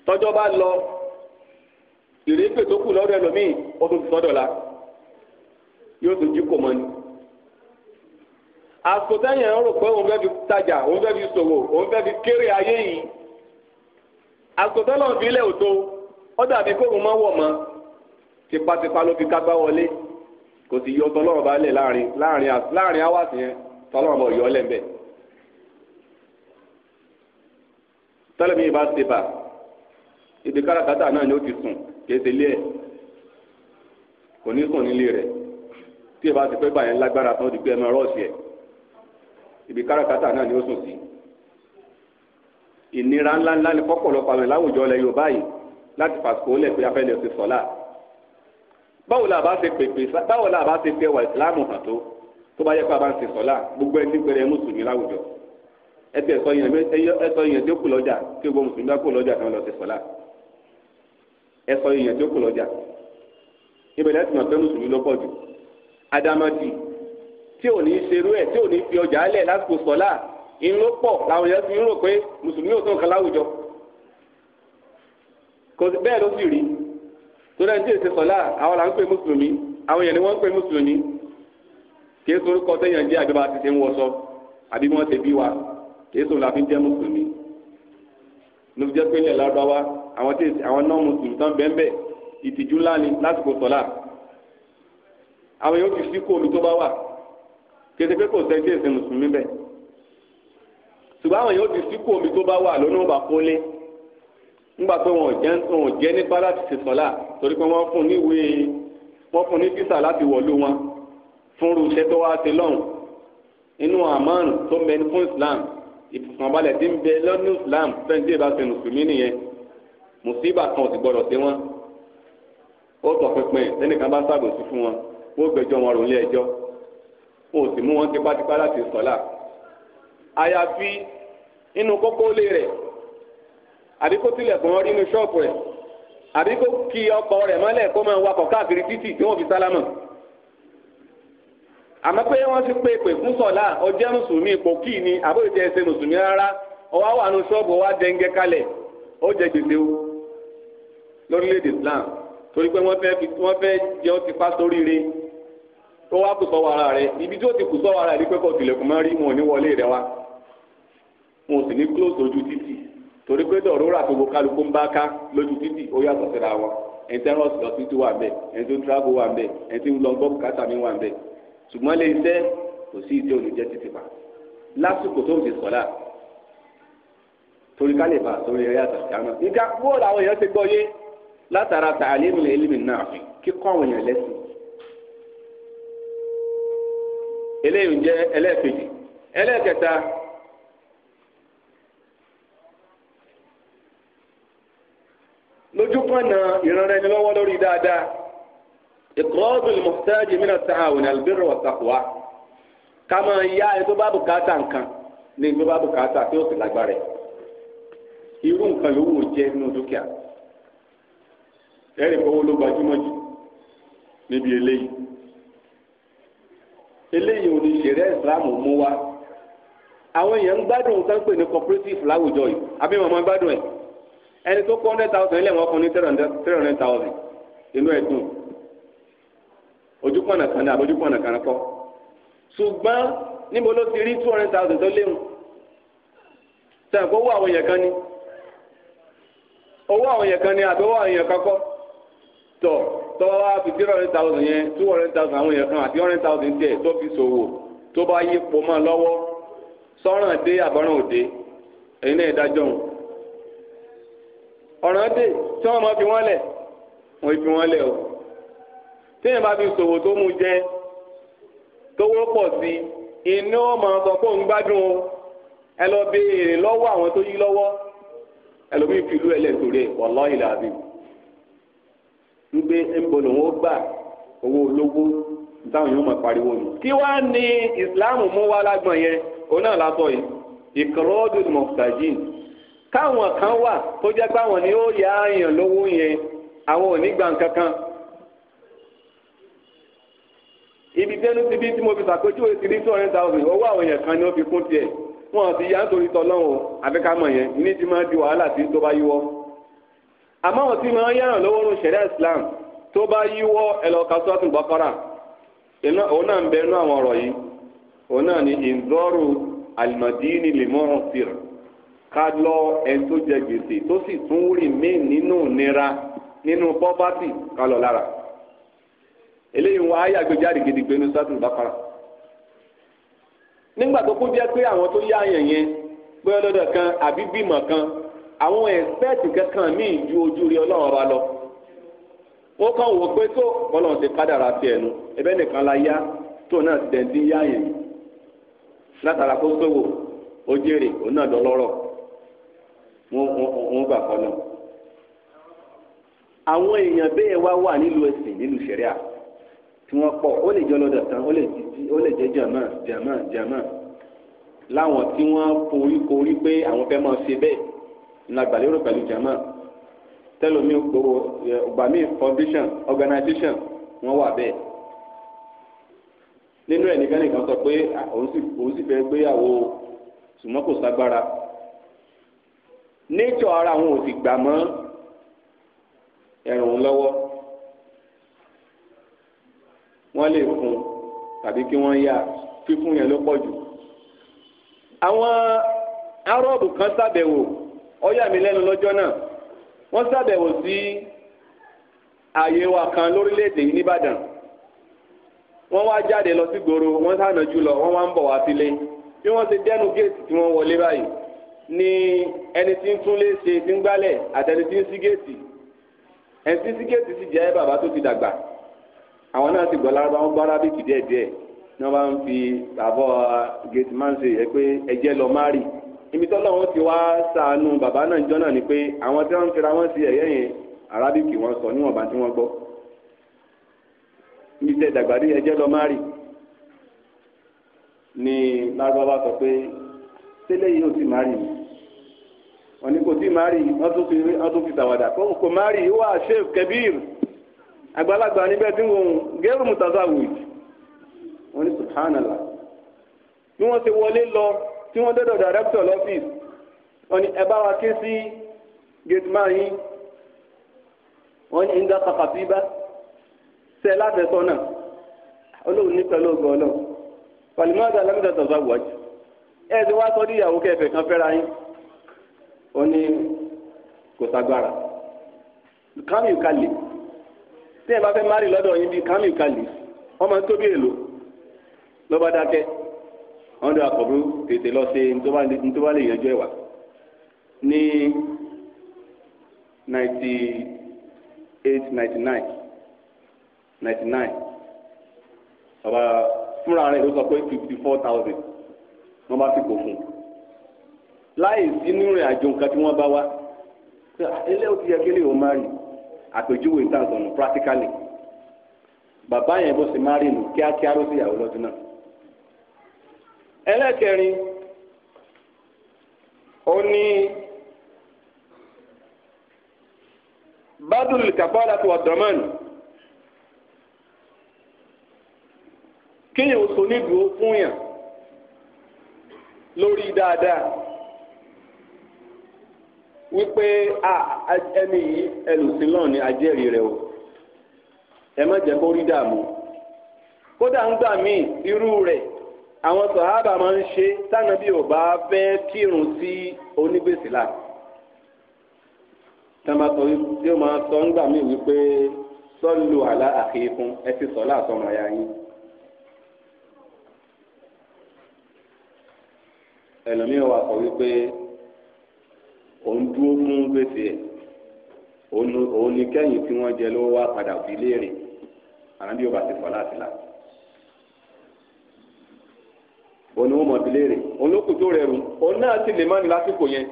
tọ́jọ́ bá lọ ìrègbè tó kù lọ́dọ̀ ẹlòmíì ó tó ti sọ́dọ̀ la yóò tó jí kò mọ́ ni. àsìkò sẹ́yìn ẹ̀rọ rò pé òun fẹ́ fi tajà òun fẹ́ fi ṣòwò òun fẹ́ fi kéré ayé yìí àsìkò sẹ́lọ̀ fi ilẹ̀ òtó ó dàbí kóòrùn mọ́ wọ̀ mọ́ tipatipa ló fi kápá wọlé kò sì yọ tọ́lọ́run bá lẹ̀ láàrin láàrin láàrin áwàsì yẹn tọ́lọ́run bá yọ ọ́ lẹ́ńbẹ̀ tọ́lọ́mì bá ti bà ibi káràkátà náà ni ó ti sùn kìí ṣe ilé ẹ̀ kò ní sùn nílé rẹ̀ tí ìbá ti pẹ́ gbà yẹn lágbára tán di pé ẹ máa rọ́ọ̀ṣì ẹ̀ ibi káràkátà náà ni ó sùn sí. ìnira ńláńlá ni fọ́pọ̀lọpọ̀ àwọn ìláwùjọ ilẹ̀ Yorùbá yìí láti fàṣkò ó pé afẹ́lẹ́ ti sọ̀lá báwo la bá ṣe pèpè báwo la bá ṣe fẹ́ wà ìsìlámù hàn tó tó bá yẹ pé a bá ń ṣe sọ̀lá gbogbo ẹni pẹ̀lẹ́ mùsùlùmí láwùjọ ẹ ti ẹ̀sọ́ yẹn ẹ̀sọ́ yẹn dé kù lọ́jà kí gbogbo mùsùlùmí bá kù lọ́jà kan lọ ṣe sọ̀lá ẹ sọ èèyàn tí ó kù lọ́jà ibẹ̀ lẹ́sìn ọ̀pẹ́ mùsùlùmí ló pọ̀ jù adamadi tí ò ní í ṣerú ẹ̀ tí ò ní í fi ọjà lẹ̀ lásìkò sọ́lá ìrún ló pọ̀ làwọn èèyàn ti ń rò pé mùsùlùmí ò tó nǹkan láwùjọ kò sí bẹ́ẹ̀ ló sì rí tó dáa ní tí èsì sọ́lá àwọn là ń pè mùsùlùmí àwọn èèyàn ni wọ́n ń pè mùsùlùmí kì í sorúkọ téèyàn jẹ́ àbí bá ti ń wọṣọ ló jẹ́ pé ilẹ̀ lárúbáwá àwọn tí àwọn náà mùsùlùmí tán bẹ́ẹ̀ ìtìjú ńlá ni lásìkò sọ́lá àwọn yóò fi sí kó omi tó bá wà kété pé kò sẹ́ tí èsì mùsùlùmí bẹ̀ ṣùgbọ́n àwọn yóò fi sí kó omi tó bá wà lónà ọba kólé ńgbà pé wọn jẹ́ wọn jẹ́ nípa láti ṣe sọ́lá torí pé wọ́n fún ní ìwé wọ́n fún ní físà láti wọ̀lú wọn fún irú tó wá ṣe lọ́hùn inú àmọ́rùn tó mẹ́ni fún Islam ìfọ̀kànbalẹ̀ tí ń bẹ lọ́nù islam fẹ́ǹtì ìbá ṣe mùsùlùmí nìyẹn mùsíbà kan ò sì gbọdọ̀ sí wọn ó tọpinpin ẹnìkan bá ń ṣàbòsí fún wọn wọ́n gbẹ́jọ́ wọn rùn ilé ẹjọ́ wọn ò sì mú wọn tipátipá láti sọ́là àyàfi inú kókó lé rẹ̀ àbí kó tilẹ̀kùn rí inú ṣọ́ọ̀bù rẹ̀ àbí kó kí ọkọ̀ rẹ̀ mọ́lẹ̀ kó máa wakọ̀ káàkiri títì tí wọ́n fi sálámọ̀ àmọ́ pé wọ́n ti pé pè fún sọ̀lá ọjọ́ mùsùlùmí ipò kì í ni àbúrò jẹ́ ẹsẹ̀ mùsùlùmí rárá ọwọ́ wà nù ṣọ́ọ̀bù wa dẹ́ngẹ́ kalẹ̀ ó jẹ gbèsè o lórílẹ̀‐èdè Islam torí pé wọ́n fẹ́ wọ́n fẹ́ jẹ́ ó ti pa sóríire tó wá kù sọ́wọ́ ara rẹ̀ ibi tí ó ti kù sọ́wọ́ ara rẹ̀ ní pé kò wọn ò ní wọlé rẹ̀ wá wọn ò sì ní close lójú títì torí pé dọ̀rọ̀rọ̀ àtòwò kálukú ń bá ká lójú títì ó yàtọ̀ síra wọn ẹni tí wọ́n sì tó wà ń bẹ̀ ẹni tó travel wà ń bẹ̀ ẹni tí ń lọ gbọ́ bùkátà mi wà ń bẹ̀ ṣùgbọ́n lè ṣe kò sí ìdí olùjẹ́ títí pa lásìkò tó ń fi sọ̀lá torí ká lè bá sórí ẹ̀yà àtàkàmọ́ nígbà wo làwọn èèyàn ti gbọ́ yé látara tààlímù ilmi náà kíkọ́ àwọn èèyàn lẹ́sìn eléyìí jẹ́ ẹlẹ́ẹ̀kejì ẹlẹ́ẹ̀kẹta lójúkọ̀nà ìrànlẹ́ni lọ́wọ́ lórí dáadáa. ìkọ́ọ̀dù ìmọ̀tẹ́jì mìíràn tí a wòlé albirru wattaqwa ká máa yá ẹni tó bá bùkátà nǹkan ní ẹni tó bá bùkátà tí ó sì lágbára ẹ̀ irú nǹkan yòówù jẹ́ nínú dúkìá ẹ̀rì àwọn èèyàn ń gbádùn pè ní cooperative láwùjọ yìí àbí màmá gbádùn ẹni tó kọ́ hundred thousand ojúkọ̀nà kan náà àbójúkọ̀nà kan kọ́ ṣùgbọ́n níbo ló ti rí two hundred thousand tó léwu sẹ́yìn kó owó àwọn èèyàn kan ni owó àwọn èèyàn kan ni àbí owó àwọn èèyàn kan kọ́ tọ̀ tọ́wọ́ wá fi three hundred thousand yẹn two hundred thousand àwọn èèyàn kan àti hundred thousand tiẹ̀ tó fi ṣòwò tó bá yí po mọ́ lọ́wọ́ sọ́ràn dé àbọ̀ràn òde èyí náà ìdájọ́ òun ọ̀ràn dé tí wọ́n máa fi wọ́n lẹ̀ wọ́n fi wọ́n lẹ̀ o téèyàn bá fi ṣòwò tó mu jẹ tówó pọ̀ sí iná máa sọ pé òun gbádùn o ẹ lọ béèrè lọ́wọ́ àwọn tó yí lọ́wọ́ ẹlòmíì fìlú ẹlẹ́tòrè wọ̀lọ́ ìlàbí gbígbé ńbọ lòun ó gbà owó olówó táwọn yóò máa pariwo nù. kí wàá ní ìsìláàmù mú wá lágbọ̀n yẹn òun náà látọ̀ yìí ìkọ́rọ́dù mọ̀tàjìn káwọn kan wà tó jẹ́ pé àwọn ni ó yá àyàn lówó yẹn àwọn ò ní gbà kankan ibi tẹnu ti bí tí mo fi ṣàpèjúwe ti rí two hundred thousand owó àwọn èèyàn kan ni ó fi kún tiẹ̀ wọn ti yá nítorí tọlọ́run o àfi ká mọ̀ yẹn ní ti máa di wàhálà tí tó bá yíwọ́ àmọ́ àwọn tí máa ń yàrá lọ́wọ́ ní sẹ̀rẹ̀ Islam tó bá yíwọ́ ẹ lọ ka sọ́ọ̀tún Baqara òun náà ń bẹ inú àwọn ọ̀rọ̀ yìí òun náà ni ìzọ́rù alimadini limọ́ràn sírà ká lọ ẹni tó jẹ gbèsè tó sì tún rí mí nínú nira nínú pọ́pátì ká lọ lára eléyìí wọn ayé àgbéjáde gidigbe ní sátúrú bàkàrà nígbà tó kó jẹ́ pé àwọn tó yá àyàn yẹn pé ọlọ́dọ̀ kan àbí bímọ kan àwọn ẹ̀sẹ́ẹ̀tì kankan míì ju ojú rí ọlọ́run ọba lọ ó kàn wò pé tó ọlọ́run ti kádàrà fi ẹ̀nu ẹbẹ́ nìkan la yá tó náà ti dẹ̀ndí yá àyàn yìí látara kó sówò ó jèrè òun náà dọlọ́rọ̀ wọn gbà kọ́ náà àwọn èèyàn bẹ́ẹ̀ wá wà nílùú ẹ̀sìn nílùú ṣẹ̀ríà tí wọ́n pọ̀ ó lè jọ lọ́dọ̀ tán ó lè jíjí ó lè jẹ́ jàmá jàmá jàmá láwọn tí wọ́n forí korí pé àwọn fẹ́ máa ṣe bẹ́ẹ̀ ìlàgbàlérò pẹ̀lú jàmá tẹlomi gbogbo ọgbàmí foundation organization wọ́n wà bẹ́ẹ̀ nínú ẹ̀ nìkan nìkan sọ pé òun sì fẹ́ gbéyàwó ṣùgbọ́n kò ságbára nature ara àwọn ò sì gbà mọ́ ẹ̀rùn lọ́wọ́ wọ́n lè fún tàbí kí wọ́n yá fífún yẹn ló pọ̀ jù. àwọn arọ́ọ̀bù kan ṣàbẹ̀wò ó yà lẹ́nu lọ́jọ́ náà wọ́n ṣàbẹ̀wò sí ààyè wa kan lórílẹ̀‐èdè yìí nìbàdàn wọ́n wá jáde lọ sí gbòòrò wọ́n sànà jù lọ wọ́n wá ń bọ̀ wá sílé bí wọ́n ti dẹ́nu géètì tí wọ́n wọlé báyìí ni ẹni tí ń túnlé ṣe ti ń gbálẹ̀ àtẹni tí ń sí géètì ẹni tí ń sí géètì sì jẹ́ bàbá tó ti dàgbà àwọn náà ti gbọ́ lárúbá wọn gbọ́ arábìkì díẹ̀díẹ̀ ní wọ́n bá ń fi àbọ̀ gate man ṣe yẹ pé ẹjẹ́ lọ márì ibi tọ́lọ́ wọn ti wá sàánú bàbá náà jọ náà ni pé àwọn tí wọ́n ń fira wọn sí ẹ̀yẹ́ yẹn arábìkì wọn sọ níwọ̀nba tí wọ́n gbọ́ níbi tẹ́ ìdàgbàdì ẹjẹ́ lọ márì ni lárúbá sọ pé tẹ́lẹ̀ yìí ò ti márì mi wọ́n ní kò tí márì wọ́n tún fi tàwàdà kó kò márì wà ṣéf àgbàlagbà níbẹ̀ tí wọ́n gẹ́rù mutazawid wọ́n ní subhanallah bí wọ́n ti wọlé lọ tí wọ́n dọ́dọ̀ director lọ́fíìsì wọ́n ní ẹ bá wa ké sí gate man yín wọ́n ní ìdá kàkàtì bá sẹ́ láfẹ̀sọ́nà olóhùn ní pẹ̀lú ògùn ọlọ́run pàlímọ́tà lẹ́mìtà tazawwaj ẹ ti wá sọ́dí ìyàwó kẹfẹ́ kan fẹ́ra yín wọ́n ní kò sagbára kàmí ò ká lè tí ẹ bá fẹ́ mari lọ́dọ̀ yín bíi kámìkalì ọmọ tó bí èlò lọ́ba dákẹ́ wọ́n dọ̀ tètè lọ sí ntọ́ba lè yanjú ẹ̀wà ní ninety eight ninety nine ninety nine ọba fúnra rẹ̀ ló sọ pé fifty four thousand wọ́n bá fi kó fún un láì sínú rẹ̀ àjò nǹkan tí wọ́n bá wá ah, ilé ó ti yẹ kí lè ó má rí àpèjúwe ìtàgànnù practically bàbá yẹn bó ṣe má rí nù kíákíá ló sì yàwó lọ́dún náà. ẹlẹ́kẹrin ó ní bádùn ìkàfọ́lá tó wà dọ́mọ́nù kéèyàn ó so nídùú fún yàn lórí dáadáa. wípé ẹni yìí ẹlòsìn náà ni ajẹ́rìí rẹ o ẹ má jẹ́ kó rí dààmú kódà ń gbà míì irú rẹ̀ àwọn sàhábà máa ń ṣe tánàbí ò bá fẹ́ kírun sí onígbèsè sọ tí máa sọ ń gbà míì wípé sọ́lù àlá àkíkún ẹ ti sọ yín. ẹlòmíràn wà òun dúró fún gbèsè ẹ̀ òun ni kẹ́yìn tí wọ́n jẹ ló wá padà fi léèrè ànábì ò bá ti fọ́ láti là òun ni wọ́n mọ̀ fi léèrè òun ló kù tó rẹ̀ rù òun náà sì lè má ní lásìkò yẹn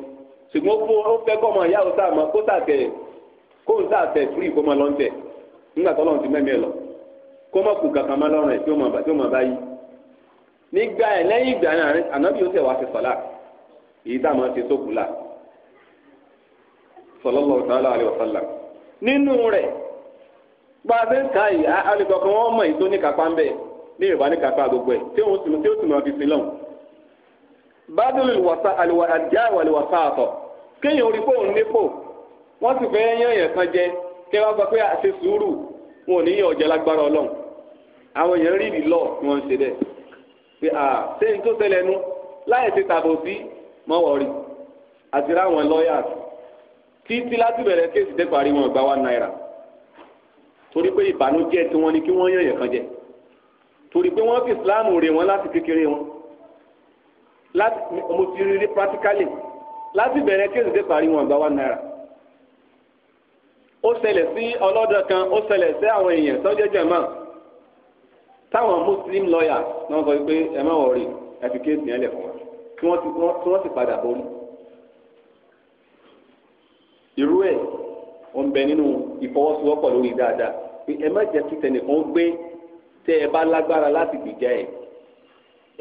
ṣùgbọ́n fún ó fẹ́ kọ́ ọmọ ìyá òsà mọ́ kó sàtẹ̀ kó ń sàtẹ̀ fúrì kó mọ lọ́ntẹ̀ nígbà tó lọ́n ti mẹ́mẹ́ lọ kó mọ̀ kù kankan má lọ́rùn ẹ̀ tí ó mọ̀ báyìí nígbà ẹ̀ lẹ́yìn ìgbà náà ànábì sallallahu ta'ala alaihi wa sallam nínú rẹ̀ bá a ti ń ka yìí alùpùpù kan wọ́n mọ̀ ètò oníkàpá ń bẹ̀ ní yorùbá níkàpá gbogbo ẹ̀ tí ó sì tí ó sì mọ̀ fi sí lọ́hùn. bádùlù wàsá àlùwà àjà àwàlùwàsá àtọ̀ kéèyàn orí fóun nípò wọ́n sì fẹ́ yán èèyàn kan jẹ kí wọ́n gbọ́ pé àti sùúrù wọn ò ní yàn ọ̀jẹ̀ lágbára ọlọ́run àwọn èèyàn rí ìlọ́ tí wọ́n ń ṣe bẹ́ẹ̀ pé à sẹ́yìn tó tẹ́lẹ̀ nu láì ti tàbọ̀ sí mọ́wọ́ àti ráwọn lọ́yà títí láti bẹ̀rẹ̀ kéèsì dé parí wọn gba one naira torí pé ìbànújẹ́ tí wọ́n ní kí wọ́n yàn yàn kan jẹ torí pé wọ́n fi ìsìláàmù rè wọn láti kékeré wọn mo ti rí rí practically láti bẹ̀rẹ̀ kéèsì dé parí wọn gba one naira ó ṣẹlẹ̀ sí ọlọ́dọ̀ kan ó ṣẹlẹ̀ sí àwọn èèyàn sọ́jọ́ jẹ̀mọ́ táwọn muslim lawyers náà sọ pé ẹ má wọrí ẹ fi kéèsì yẹn lẹ̀ fún wa kí wọ́n ti padà borí irú ẹ̀ wọ́n bẹ nínú ìfọwọ́sowọ́pọ̀ lórí dáadáa pé ẹ má jẹ́ kí tẹnìkan gbé tẹ́ ẹ bá lágbára láti gbìjà ẹ̀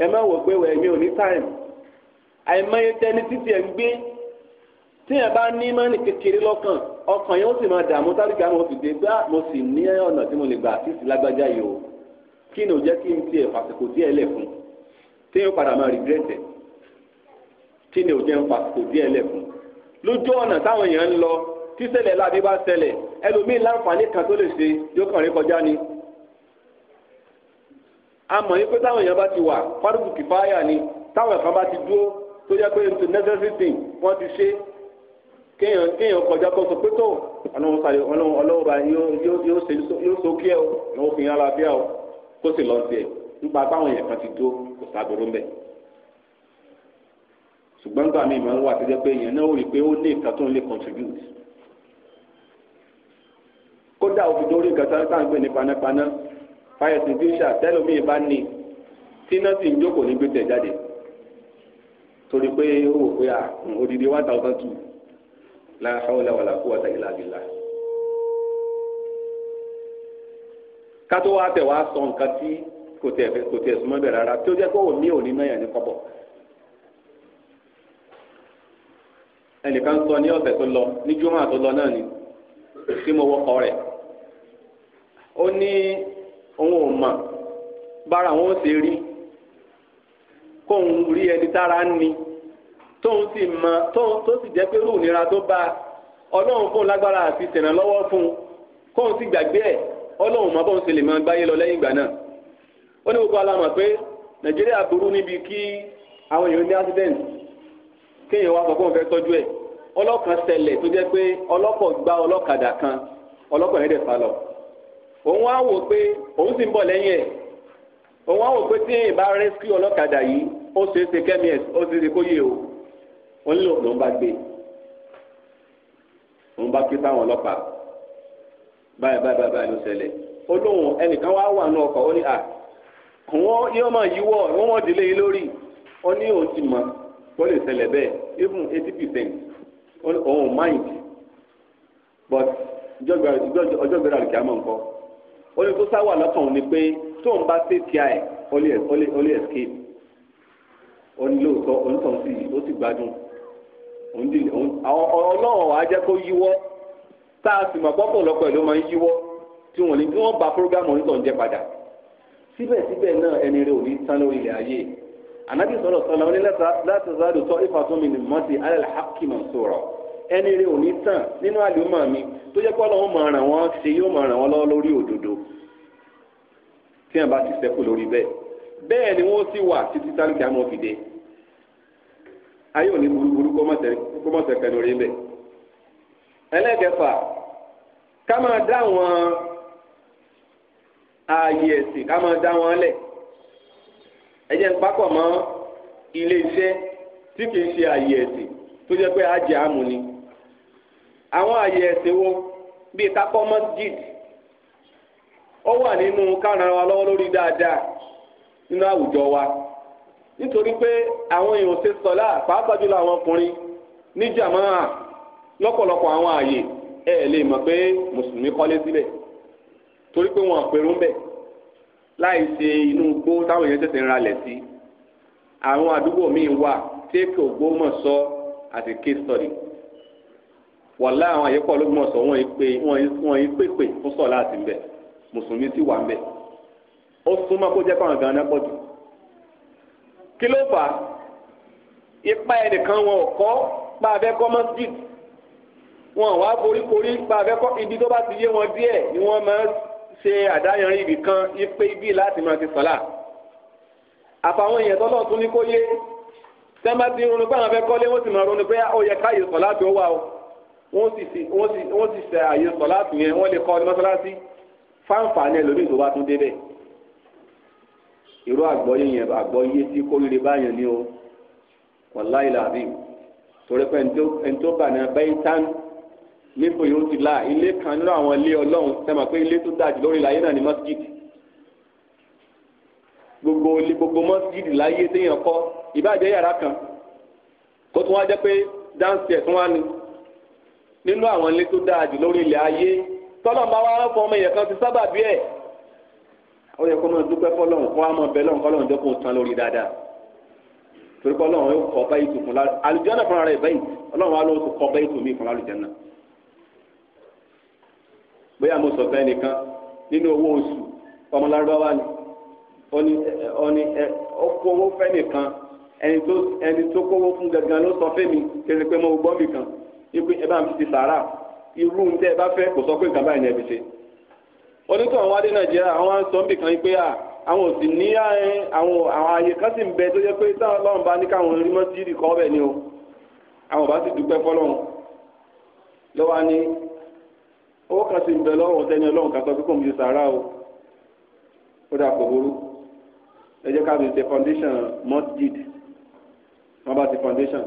ẹ má wò pé wẹ̀mí ò ní táìmù àìmọye tẹni títí ẹ̀ ń gbé tí ẹ bá ní mọ́nì kékeré lọ́kàn ọkàn yẹn ó sì máa dààmú tálíkà àwọn òfìdè pé ah, mo sì ní ọ̀nà tí mo lè gbà àtìsí lágbájá yìí o kí ni ò jẹ́ kí n tiẹ̀ fàsìkò díẹ̀ lẹ̀ fún tí yóò padà máa rìgírẹ́tẹ̀ kí ni ò jẹ́ n fàsìkò díẹ̀ lẹ̀ fún lójú ọ̀nà táwọn èèyàn ń lọ tíṣẹ̀lẹ̀ láabi bá ṣẹlẹ̀ ẹlòmíì láǹfààní kan tó lè ṣe yóò kàn rí kọjá ni. a mọ̀ yín pé táwọn èèyàn bá ti wà fárúkù kìfáyà ni táwọn ẹ̀ka bá ti dúró tó yẹ pé to necessary thing wọ́n ti ṣe kéèyàn kéèyàn kọjá kó sọ pé tó ọlọ́run sàlẹ̀ ọlọ́run bá yóò sókè ẹ̀ o ìwọ̀n fi hàn àlàáfíà o kó sì lọ sí ẹ̀ nípa táwọn èèyàn kan ti dúró kò sábòrò mẹ́ẹ̀ ṣùgbọ́n gbà mí ìmọ̀ wà tẹ́jẹ́ pé èèyàn náà ó rí i pé ó ní nǹkan tó ń lè contribute kódà òfin tó rí nǹkan tó ń tàn gbé ní panápaná fire extinguisher tẹ́lómi ìbá ní tí náà sì ń jókòó ní gbèsè jáde torí pé ó wò pé odidi one thousand two la hawla wala quwwata illa billah. kátó wá tẹ̀ wá sọ nǹkan tí kò tẹ̀ súnmọ́ bẹ̀ rárá tí jẹ́ kó mi ò ní náyà ní kọ́bọ̀. ẹnìkan sọ ní ọ̀sẹ̀ tó lọ ní júmọ̀ tó lọ náà ni tí mo wọkọ̀ rẹ̀ ó ní òun ò mọ̀ bára wọn ó ṣe rí kóun rí ẹni tára ń ni tóun sì mọ tóun tó sì jẹ́ pé irú ìnira tó bá ọlọ́run fóun lágbára àti ìtẹ̀nàlọ́wọ́ fún un kóun sì gbàgbé ẹ̀ ọlọ́run mọ́ bóun ṣe lè máa gbáyé lọ lẹ́yìn ìgbà náà ó ní gbogbo alamọ̀ pé nàìjíríà burú níbi kí àwọn èèyàn ní accident kéèyàn wá sọ pé òun fẹ́ tọ́jú ẹ̀ ọlọ́kan ṣẹlẹ̀ tó jẹ́ pé ọlọ́kọ̀ gbá ọlọ́kadà kan ọlọ́kọ̀ yẹn dẹ̀ sá lọ òun wá wò pé òun sì ń bọ̀ lẹ́yìn ẹ̀ òun wá wò pé tí èèyàn bá rẹ́síkì ọlọ́kadà yìí ó ṣeé ṣe kẹ́mi ẹ̀ ó ṣeé ṣe kó yé o òun lò ló ń bá gbé òun bá ké táwọn ọlọ́pàá báyìí báyìí báyìí ló ṣẹlẹ̀ ó lóun ẹnìkan wá wà nù ọkọ̀ ó ní à wọ́n yóò máa yíwọ́ wọ́n wọ́n délé yìí lórí ó ní òun ti mọ̀ kó lè bẹ́ẹ̀ even eighty percent òun mind but ọjọ́ gbéra rẹ̀ kí a mọ̀ nǹkan ó lè tó sáwà lọ́kàn ni pé tóun bá ṣe tíà ẹ̀ ó lè escape ó ní lóòótọ́ onítàn sí i ó sì gbádùn ọlọ́run wàá jẹ́ kó yíwọ́ tá a sì mọ̀ pọ́pọ̀ lọ́pọ̀ ẹ̀ ló máa ń yíwọ́ tí wọ́n lè bí wọ́n bá programu onítàn jẹ́ padà síbẹ̀síbẹ̀ náà ẹni rẹ̀ ò ní tán lórí ilẹ̀ ayé yìí anabi sọ̀rọ̀ sọ̀rọ̀ wọn ni láti zádù tọ́ ifá tó mi ní mọ́tì alẹ́ hakki mansura ẹni rẹ ò ní tàn nínú àlùmọ́ mi tó jẹ́ pé ọlọ́run máa ràn wọ́n ṣe yóò máa ràn wọ́n lọ́wọ́ lórí òdodo tí wọn bá ti sẹ́kù lórí bẹ́ẹ̀ bẹ́ẹ̀ ni wọ́n sì wà títí sálùkì àmọ́ fìdé ayé òní burúburú kó mọ̀sẹ̀ kẹ́ lórí bẹ́ẹ̀ ẹlẹ́gẹ̀fà ká máa dá wọn ààyè ẹ̀sìn ká máa dá wọn lẹ̀ ẹ jẹ́ ń papọ̀ mọ́ ilé iṣẹ́ tí kìí ṣe àyè ẹ̀sìn tó jẹ́ pé àjẹ́ àmú ni àwọn àyè ẹ̀sìn wo bíi kápọ́ masjid ó wà nínú kárànra wa lọ́wọ́ lórí dáadáa nínú àwùjọ wa nítorí pé àwọn èèyàn ṣe sọlá pàápàá jùlọ àwọn ọkùnrin ní jàmáà lọ́pọ̀lọpọ̀ àwọn àyè ẹ lè mọ̀ pé mùsùlùmí kọ́lé síbẹ̀ torí pé wọn àpérò ń bẹ̀ láì ṣe inú igbó táwọn èèyàn tẹ̀sẹ̀ ń ralẹ̀ sí àwọn àdúgbò míì wà téèkì Ògbómọ̀ṣọ́ àti case study wàlá àwọn àyẹ̀pọ̀ l'Ógbómọ̀ṣọ́ wọ́n yí pèpè fún sọ̀ láti ń bẹ̀ mùsùlùmí sì wà ń bẹ̀ ó súnmọ́ kó jẹ́ pàrọ̀ gan-an pọ̀ jù kí ló fà á ipa ẹnìkan wọn ò kọ́ pa abẹ́kọ́ masjid wọn ò wá boríkorí pa abẹ́kọ́ ibi tó bá ti yé wọn díẹ̀ ni wọ́n máa ṣe àdáyanrin ibì kan ipe ibi láti máa ti sọ̀lá àfàwọn èèyàn tọ́lọ̀ tún ní kó yé sẹ́mbà ti ronú pé àwọn fẹ́ kọ́lé wọ́n sì máa ronú pé ah, ó yẹ káyè sọ̀lá tó wà o wọ́n sì ṣe àyè sọ̀lá tó yẹn wọ́n lè kọ́ ní mọ́sálásí fáǹfààní ẹlòmíì tó bá tún débẹ̀ irú àgbọ́yé yẹn àgbọ́yé tí kórìíre báyẹn ni o wàláhì làbí torí pé ẹni tó bà ní abẹ́yìntàn lẹ́kọ̀ọ́ yóò ti la ilé kan nínú àwọn ilé ọlọ́run sẹ́mà pé ilé tó dájú lórí láyé náà ni mọ́síjìdì gbogbo ilé gbogbo mọ́síjìdì láyé téèyàn kọ́ ìbáàjẹ́ yàrá kan kó tún wá jẹ́ pé dáńsì ẹ̀tún wá ni nínú àwọn ilé tó dájú lórí ilẹ̀ ayé tọ́lọ̀ máa wá fọ ọmọ yẹn kan ti sábà bí ẹ̀ ó yẹ kó máa dúpẹ́ fọlọ́run kó wá máa bẹ lọ́run kọ́lọ́run jẹ́ kó tán lórí dáadáa torí kọ́lọ́run yóò kọ́ báyìí tó fún alùjọ́nà fúnra rẹ̀ báyìí ọlọ́run wa ló kọ́ báyìí tó mí fún alùjọ́nà bóyá mo sọ̀tọ̀ ẹnìkan nínú owó oṣù ọmọ lárúbáwá ni ọni ọni ẹ ọkọwó fẹ́nìkan ẹni tó ẹni tó kówó fún gangan ló sọ fẹ́mi kẹsì pé mo gbọ́ mi kan ipe ẹ bá mi ti sàrà irú ń tẹ́ ẹ bá fẹ́ kò sọ pé nǹkan báyìí ni ẹ fi ṣe onítọ̀ àwọn adé nàìjíríà àwọn sọ́ńbì kan pé à àwọn ò sì ní àwọn àwọn àyè kan sì ń bẹ tó yẹ pé táwọn ọlọ́run bá ní káwọn rí mọ́ sí ìdíkọ́ ọbẹ̀ ni o àwọn ò bá sì dúpẹ́ fọlọ́run lọ́wọ́ á ní ó kasi sí ń bẹ lọ́wọ́ tẹ́ni ọlọ́run kàtọ́ pé kò ń o ó dà kò burú ẹ jẹ́ ká fi ṣe foundation mosjid wọ́n bá ti foundation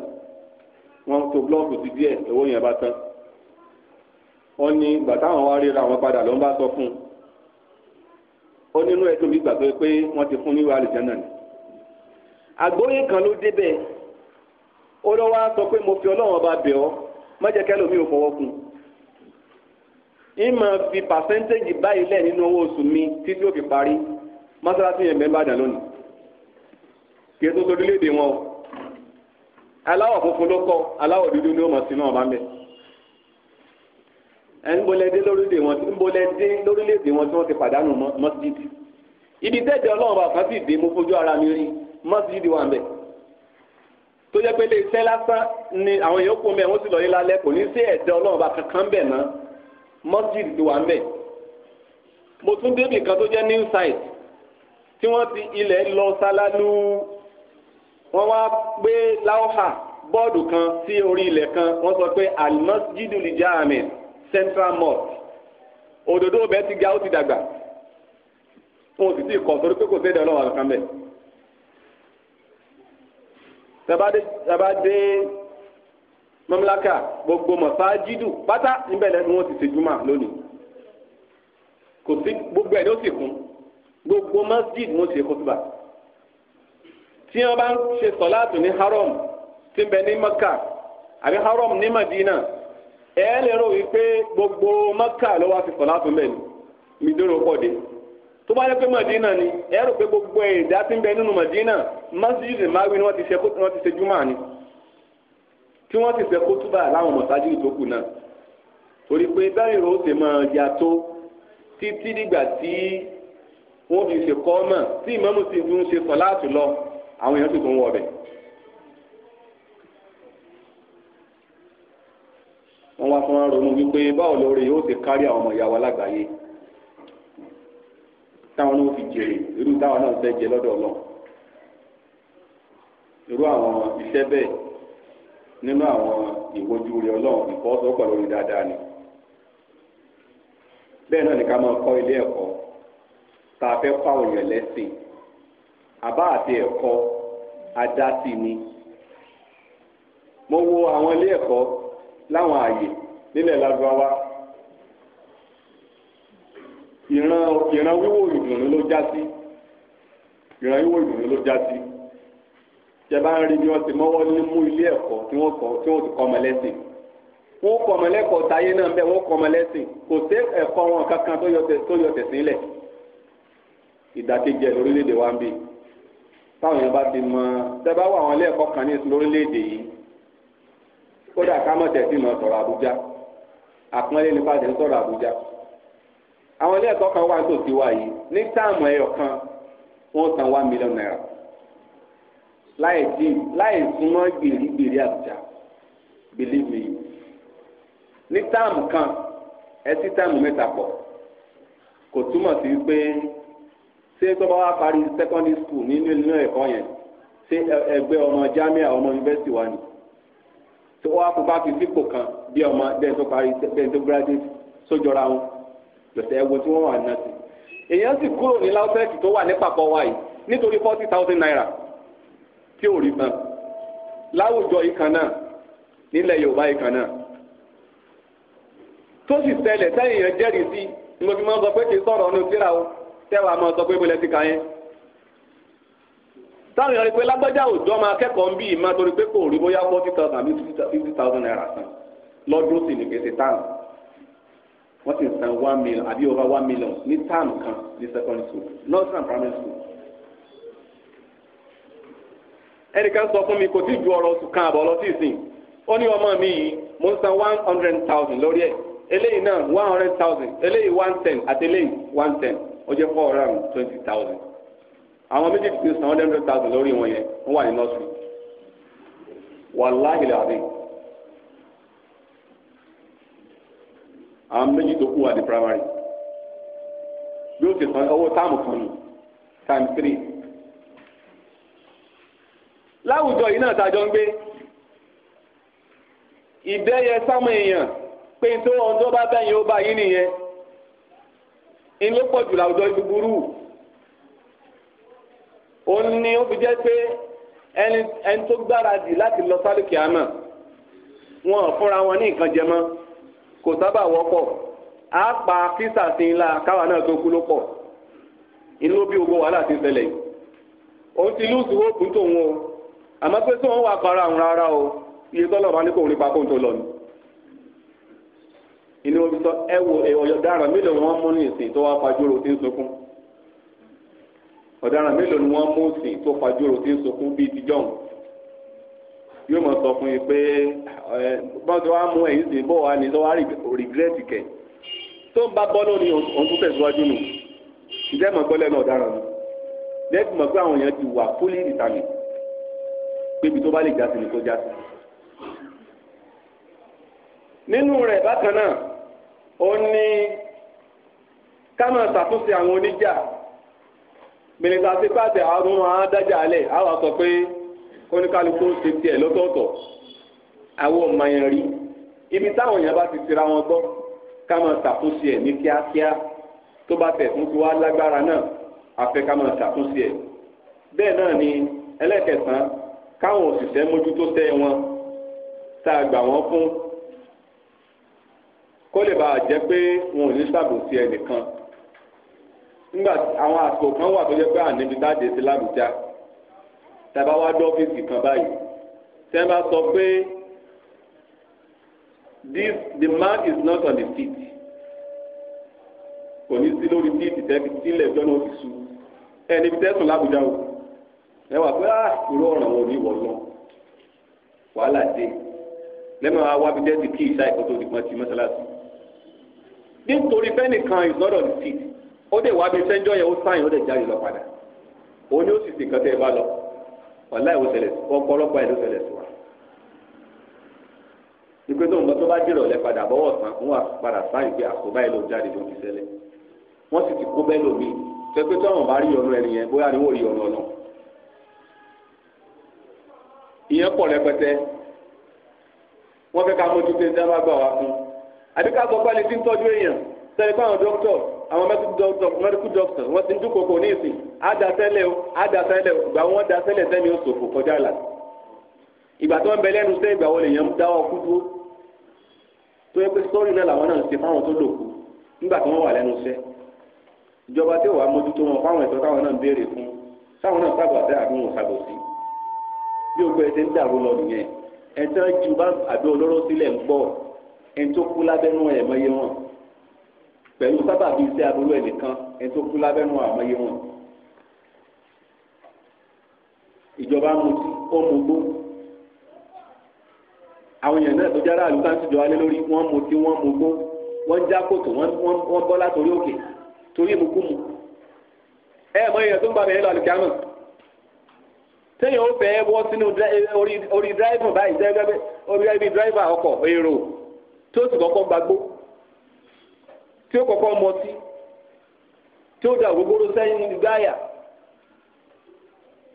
wọ́n tó blọọkù sí díẹ̀ owó yẹn bá tán wọ́n ní ìgbà táwọn wá ríra àwọn padà ló ń bá sọ fún un ó nínú ẹ̀ tó mi gbàgbé pé wọ́n ti fún ní wàhálì jẹ́nà ni àgbóyè kan ló débẹ̀ ó lọ wá sọ pé mo fi ọlọ́run ọba bẹ̀ ọ́ má jẹ́ ò fọwọ́ kún ìmọ̀ fi pàṣẹ́ntéèjì báyìí lẹ̀ nínú owó oṣù mi títí ó fi parí mọ́sálásí yẹn bẹ́ẹ̀ bàdàn lónìí kí ètò orílẹ̀-èdè wọn o aláwọ̀ funfun ló kọ́ aláwọ̀ dúdú ni ó mọ̀ sí náà bá ń bẹ̀ ẹni bolẹ́dé lórílẹ̀-èdè wọn tí bolẹ́dé lórílẹ̀-èdè wọn tí wọ́n ti pàdánù mọ́sídìí ibi tẹ́jọ́ ọlọ́run bá kan sì dé mo fojú ara mi rí mọ́sídìí wà ń bẹ̀ tó jẹ́ pé ilé iṣẹ́ lásán ni àwọn yòókù mẹ́ wọ́n sì lọ yé lálẹ́ kò ní sí ẹ̀dá ọlọ́run bá kankan bẹ̀ náà mọ́sídìí tó wà mẹ́ mo tún débi kan tó jẹ́ new site tí wọ́n ti ilẹ̀ lọ sálálú wọ́n wá gbé láwọ́hà bọ́ọ̀dù kan sí orí ilẹ̀ kan wọ́n sọ pé alimọ́sídìí lè já àmì central mosque òdòdó ọbẹ̀ ti ga ó ti dàgbà wọn ò sì tí ì kọ̀ torí pé kò sédè ọlọ́wọ́ àlùkàn bẹ́ẹ̀. tẹ́bá dé mọ́mílákà gbogbo mọ̀sáájídù pátá níbẹ̀ lẹ́nu wọn ti ṣèjúmọ́ lónìí kò sí gbogbo ẹ̀ ló sì kún gbogbo masjid wọn ti kó síbà tí wọn bá ń ṣe sọláàtù ní haram tí ń bẹ ní maka àbí haram ní madina ẹ lè rò wípé gbogbo maka ló wá sí sọláàtù mẹ́rin mídòrò pọ̀ dé tó bá yẹ pé madina ni ẹ rò pé gbogbo ẹ̀dá tí ń bẹ nínú madina masjid mawin wọn ti ṣe júmọ̀ ni tí wọ́n sì fẹ́ kó túbà láwọn mọ̀sájú ìtókù náà torí pé bẹ́ẹ̀ ló ṣe máa yàtọ̀ títí dìgbà tí wọ́n fi ṣe kọ́ mọ̀ tí ìmáàmù sì ń ṣe sọ láti lọ àwọn èèyàn sì tún wọ̀ bẹ̀. wọ́n wá fún wa ronú wípé báwo lóore yóò ṣe kárí àwọn ọmọ ìyá wa lágbàáyé táwọn náà fi jèrè irú táwọn náà fẹ́ jẹ lọ́dọ̀ ọlọ́run irú àwọn iṣẹ́ bẹ́ẹ̀ nínú àwọn ìwojú rẹ ọlọ́run ìfọwọ́sowọ́pọ̀ lórí dáadáa ni bẹẹ náà ni ká máa ilé ẹ̀kọ́ tá a fẹ́ kọ́ àwọn èèyàn àbá àti ajá adásí ni mo wo àwọn ilé ẹ̀kọ́ láwọn ààyè nílẹ̀ ìran ìran wíwò ìdùnnú jẹba ń rí bí wọ́n ti mọ́wọ́ ní mú ilé ẹ̀kọ́ tí wọ́n kọ́ tí wọ́n ti kọ́ ọmọ lẹ́sìn wọ́n kọ́ ọmọ lẹ́kọ̀ọ́ táyé náà bẹ́ẹ̀ wọ́n kọ́ ọmọ lẹ́sìn kò sí ẹ̀kọ́ wọn kankan tó yọ tẹ̀sí lẹ̀ ìdàkejì ẹ̀ lórílẹ̀‐èdè wa ń bì táwọn èèyàn bá ti mọ tẹ́bá wà wọn lẹ́ẹ̀kọ́ kan ní lórílẹ̀‐èdè yìí kódà ká mọ̀ tẹ̀sí mọ̀ sọ̀rọ̀ Àbújá àpọ́nlé nípa tẹ̀ ń sọ̀rọ̀ Àbújá àwọn ilé ẹ̀kọ́ kan wà nítòsí wa yìí ní táàmù ẹyọ kan wọ́n san one million naira láì dì láì súnmọ́ gbèrígbèrí Àbújá believe me ní táàmù kan ẹ sí táàmù mẹ́ta pọ̀ kò túmọ̀ sí pé ṣé tọ́ba wa parí secondary school nínú nínú ẹ̀kọ́ yẹn ṣé ẹgbẹ́ ọmọ jamia ọmọ yunifásitì wa ni tí wọ́n á kó bá fi sípò kan bí ọmọ bẹ́ẹ̀ tó parí bẹ́ẹ̀ tó graduate sójọra wọn lọ́sẹ̀ ẹ̀wọ̀n tí wọ́n wà náà sí. èèyàn sì kúrò ní lautech tó wà ní pàpọ̀ wa yìí nítorí forty thousand naira tí ò rí ban láwùjọ ìkan náà nílẹ̀ Yorùbá ìkan náà tó sì tẹlẹ̀ sẹ́yìn yẹn jẹ́rìí sí ni mo fi máa sọ pé kì í sọ̀rọ̀ ọ̀nà ìsíra o tẹ́wàá máa sọ pé bọ́lẹ̀ ti kà yẹn táwọn èèyàn rí pé lágbájá òjò máa kẹ́kọ̀ọ́ ń bí ìmá torí pé kò rí bóyá forty thousand àbí fifty thousand naira san lọ́dún sì ní gbèsè táàmù wọ́n sì san one million àbí over one million ní táàmù kan ní secondary school nursery primary school ẹnìkan sọ fún mi kò tí ju ọ̀rọ̀ oṣù kan àbọ̀ lọ sí ìsìn ó ní ọmọ mi yìí mo ń san one hundred thousand lórí ẹ̀ eléyìí náà one hundred thousand eléyìí one ten àti eléyìí one ten ó jẹ́ four hundred and twenty thousand àwọn méjèèjì ti san one hundred thousand lórí wọn yẹn wọ́n wà ní nọ́ọ̀sì wàláhì làbí àwọn méjì tó kú wà ní primary bí ó ti san owó táàmù kan nù time three. láwùjọ yìí náà tàjọ ń gbé ìdẹ́yẹ sáwọn èèyàn pé tó ohun tó bá bẹ́yìn ó bá yín nìyẹn ń ló pọ̀ jù láwùjọ ìdúgbúrú òun ni ó fi jẹ́ pé ẹni ẹni tó gbáradì láti lọ sálùkì àmọ́ wọn ò fúnra wọn ní nǹkan jẹ mọ́ kò sábà wọ́pọ̀ á pa físà sí ńlá káwa náà tó kú ló pọ̀ inú bí gbogbo wàhálà ti ń yìí òun ti lùsùn kú tòun o. àmọ́ pé tí wọ́n wà para àwọn rárá o iye tọ́lọ̀ bá ní kò rí pakó tó lọ ni. inú omi sọ ẹ wo ọ̀daràn mélòó ni wọ́n mú ní ìsìn tó wá fajúro tí ń sunkún ọ̀daràn mélòó ni wọ́n mú ìsìn tó fajúro tí ń sunkún bíi ti jọ̀hún yóò mọ̀ sọ fún yín pé ẹ bọ́n ti wá mú ẹ̀yìn sìn bó wà ní tó wá rìgírẹ́tì kẹ̀ tó ń bá bọ́ lónìí òun tún tẹ̀síwájú nù ìjẹ́ mọ̀ gbọ́lẹ́nu ọ̀daràn ni pébi tó bá lè jásí ni kó jásí. nínú rẹ̀ bákan náà ó ní ká máa ṣàtúnṣe àwọn oníjà mìlítà sí pàṣẹ àwọn ọmọ adájà alẹ̀ àwọn sọ pé kóníkálukú ṣe tiẹ̀ lọ́tọ̀ọ̀tọ̀ àwọn ọmọ yẹn rí ibi táwọn yẹn bá ti tira wọn gbọ́ ká máa ṣàtúnṣe ẹ̀ ní kíákíá tó bá tẹ̀ fún tiwa lágbára náà àfẹ́ ká ṣàtúnṣe ẹ̀ bẹ́ẹ̀ náà ni ẹlẹ́kẹ̀sán káwọn òṣìṣẹ́ mójútó tẹ́ wọn tá a gbà wọ́n fún kó lè bàa jẹ́ pé wọn ò ní ṣàbòsí ẹnìkan nígbà àwọn àsìkò kan wà tó yẹ pé àníbi tá sí làbújá tàbá wá dé ọ́fíìsì kan báyìí tẹ́ bá sọ pé this the man is not on the seat kò ní sí lórí seat tẹ́ fi sílẹ̀ jọ́nà òfìsù ẹni tẹ́sùn làbújá o ẹ wà pé ah, irú ọ̀ràn wo ni wọ́n lọ wàhálà dé lẹ́mọ̀ awábi dẹ́sí kí ìṣá ìkọ́ tó di pọ́n ti mọ́sálásí nítorí fẹ́nìkan ìsọ̀rọ̀ ní ti ó dé wàá bí sẹ́ńjọ́ yẹn ó sáyìn ó dẹ̀ jáde lọ padà òun ni ó sì sì kàn tẹ́ ẹ bá lọ wàhálà ìwọ ṣẹlẹ̀ sí ọ̀pọ̀lọpọ̀ ẹ̀ ló ṣẹlẹ̀ sí wa ìpè tó ń bọ́ tó bá dèrò ọ̀lẹ́ padà bọ́wọ́ sàn ń wà padà sáyìn pé àkóbá ẹ̀ ló jáde ló ti ṣẹlẹ̀ wọ́n sì ti kó bẹ́ẹ̀ lómi pẹ́pẹ́ tó àwọn bá rí ọ̀nà ẹni yẹn bóyá ni wọ́n rí ọ̀nà ọ̀nà ìyẹn pọ̀ rẹpẹtẹ wọ́n fẹ́ ká mójú pé ní dáná gbà wá fún àbí ká gbọ́ pálí tí ń tọ́jú èèyàn sẹ́ni fún àwọn dókítà àwọn mẹ́díkù dókítà wọ́n ti ń dúnkokò ní ìsìn àdàsẹ́lẹ̀ o àdàsẹ́lẹ̀ o ìgbà wọn dàsẹ́lẹ̀ sẹ́ni ó ṣòfò kọjá là ìgbà tó ń bẹ lẹ́nu sẹ́yìn ìgbà wo lèèyàn ń dáwọ́ kú dúró tó yẹ pé sọ́ọ̀rì náà làwọn náà ń ṣe fáwọn tó lò kú nígbà tí wọ́n wà lẹ́nu iṣẹ́ ìjọba tí ò wá mójútó wọn fáwọn ẹ̀tọ́ táwọn náà ń béèrè fún sáwọn náà sábà bẹ́ẹ̀ àbí wọn sábà sí bí o gbé ẹsẹ ń dàrú lọ nìyẹn ẹtẹ ju bá àbí olóró sílẹ̀ ń gbọ́ ẹni tó kú lábẹ́nú ẹ̀ mọ́yé wọn pẹ̀lú sábàbí iṣẹ́ aburú ẹ̀ nìkan ẹni tó kú lábẹ́nú àmọ́yé wọn. ìjọba mutí ó mu gbó àwọn èèyàn náà tó jára àlùkò àti ìjọba lé lórí wọ́n mutí wọ́n mu gbó wọ́n já kòtò wọ́n bọ́ látòrí òkè torí ìmukúmu ẹ̀ mọ́ tó ń bá mi lọ àlùkò àmọ́. sẹ́yìn ó fẹ́ wọ́ sínú eh, orí dráìvù báyìí sẹ́gbẹ́ orí ibi ọkọ̀ èrò tí o sì kọ́kọ́ gbagbó tí o kọ́kọ́ mọtí tí o da gbogbo sẹ́yìn gbáyà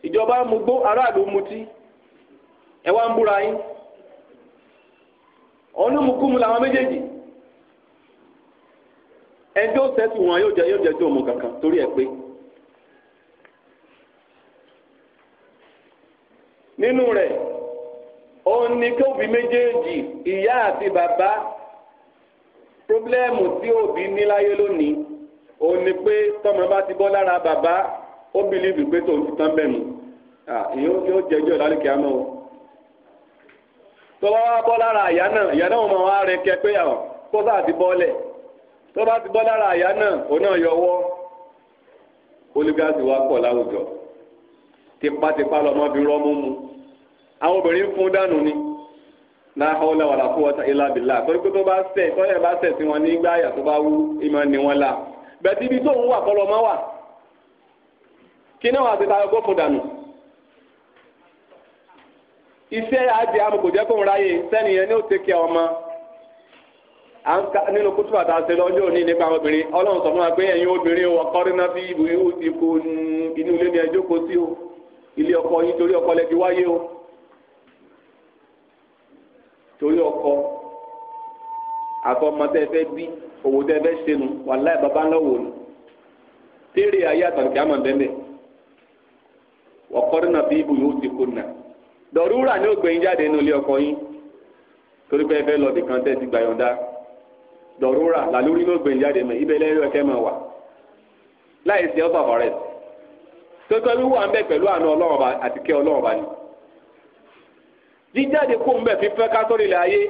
ìjọba mú aráàlú mutí ẹ wá ń làwọn méjèèjì ẹjọ́ sẹ́tù wọn yóò jẹ́ yóò jẹ́ torí ẹ̀ nínú rẹ̀ òun ni kí òbí méjèèjì ìyá àti bàbá pírọ́blẹ́mù tí òbí ní láyé lónìí òun ni pé tọ́mọ bá ti bọ́ lára bàbá ó bìlíbì pé tòun ti tán bẹ́ẹ̀ yóò o tọ́ba wá bọ́ lára náà ìyá náà rẹ kẹ pé ọ̀ ti ti bọ́ lára àyà náà òun náà yọ wa láwùjọ. tipátipá lọ́mọ fi àwọn obìnrin fún dànù ni láhọ́lá wàlá fún wọ́tá ìlàbìlà torí pé tó bá sẹ̀ tọ́lẹ̀ bá sẹ̀ wọn àyà tó bá wú ìmọ̀ ni wọn la bẹ̀tí ibi tó wà kọ́ lọ́mọ wà kí náà wà ta ọgọ́ fún dànù iṣẹ́ àjẹ́ amòkòjẹ́ kò ń ráyè sẹ́niyẹn ní ó kí ọmọ nínú kútu òní nípa àwọn obìnrin ọlọ́run sọ fún wa pé ẹ̀yin obìnrin ọkọ rí náà fi ti kó inú ilé ilé ọkọ yín torí ọkọ lẹ́bi wáyé o torí ọkọ àtọmọ tẹ fẹ́ bí owó tẹ fẹ́ ṣẹnu wàláì bàbá ńlá wò ni tẹ́rẹ̀ ayé àtàkì àmọ̀ bẹ́ẹ̀ wọ́kọ́rin náà bí ibù yóò ti kó nà dọ̀rúrà ní ògbẹ́yìn jáde nínú ilé ọkọ yín torí pé ẹ fẹ́ lọ bìkan tẹ́ ti gbà yọ̀ǹda dọ̀rúrà làlórí ní ògbẹ́yìn jáde mọ́ ibẹ̀ lẹ́yìn ẹ̀kẹ́ mọ̀ wà láì sí ọ́fà fọ́rẹ́sì. tọ́tọ́ wíwà ń bẹ̀ pẹ̀lú àna ọlọ́run àti kẹ́ ọlọ́run bá ní. jíjáde kó ń bẹ̀ fi fẹ́ ayé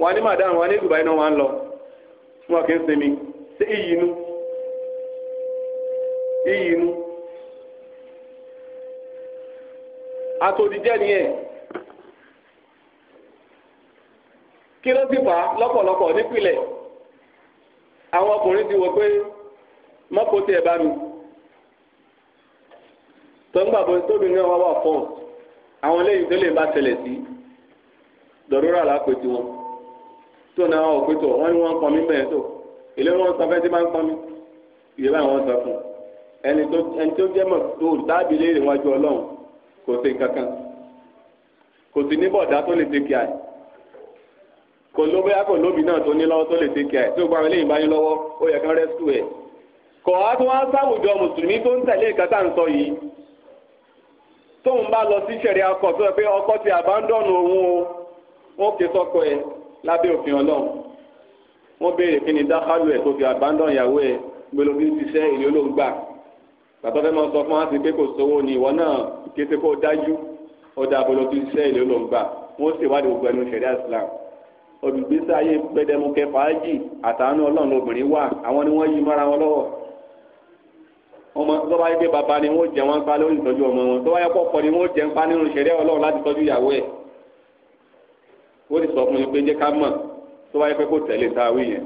wọn ní màdáàrún wọn ní Dubai náà wọn lọ wọn kì í sinmi ṣé iyì nìyẹn kí ló fà á lọ́pọ̀lọpọ̀ nípìnlẹ̀ àwọn ọkùnrin ti wọ pé mọ́kò tí ẹ tọ́ngbàbọ̀ tóbi náà wá wà fọ́ọ̀n àwọn lẹ́yìn tó lè bá tẹ̀lẹ̀ sí dọ̀rọ̀rọ̀ àlápẹ̀tì wọn tó náà wọ́n pé tó wọ́n ní wọ́n pọnmi bẹ́ẹ̀ tó ilé wọn sọ fẹ́ tí máa ń pọnmi ìyẹn báyìí wọ́n sọ fún ẹni tó ẹni tó jẹ́ mọ̀ tó dábì léèrè wájú ọlọ́run kò sí kankan kò sí ní bọ̀dá tó lè tẹ̀kì àì kò ló bóyá kò lóbi náà tó ní lọ́wọ́ tó lè tẹ̀kì àì tí ó gbàgbé lẹ́yìn bá ní lọ́wọ́ ó yẹ kán rẹ́sítù ẹ̀ kọ̀ á tó wá sáwùjọ mùsùlùmí tó ń tẹ̀lé ìkàtà ń sọ yìí tóun bá lọ sí sẹ̀rí akọ tó yẹ pé ọkọ ti àbándọ̀nù òun o wọn kì í sọkọ ẹ lábẹ́ òfin ọlọ́run wọn béèrè kí ni dákàlù ẹ tó fi àbándọ̀n ìyàwó ẹ gbèlò bí ṣiṣẹ́ ìlú olóògbà bàbá fẹ́ máa sọ fún wa sí pé kò sówó ni ìwọ náà kété kó dájú ọ̀dà àbọ̀lọ́ bí ṣiṣẹ́ ìlú olóògbà wọn sì wádìí gbogbo ẹnu sẹ̀rí Islam olùgbésí ayé gbẹdẹmukẹ fàájì àtàánú ọlọ́run obìnrin wà àwọn ni wọ́n yí mọ́ra wọn lọ́wọ́ ọmọ tó bá pé bàbá ni wọ́n jẹ wọ́n pa lórí ìtọ́jú ọmọ wọn tó bá yẹ kọ́kọ́ ni wọ́n jẹ ń pa nínú ìṣẹ̀lẹ̀ ọlọ́run láti tọ́jú ìyàwó ẹ̀ wọ́n ti sọ fún mi pé jẹ́ ká mọ̀ tó bá yẹ pé kò tẹ̀lé táwí yẹn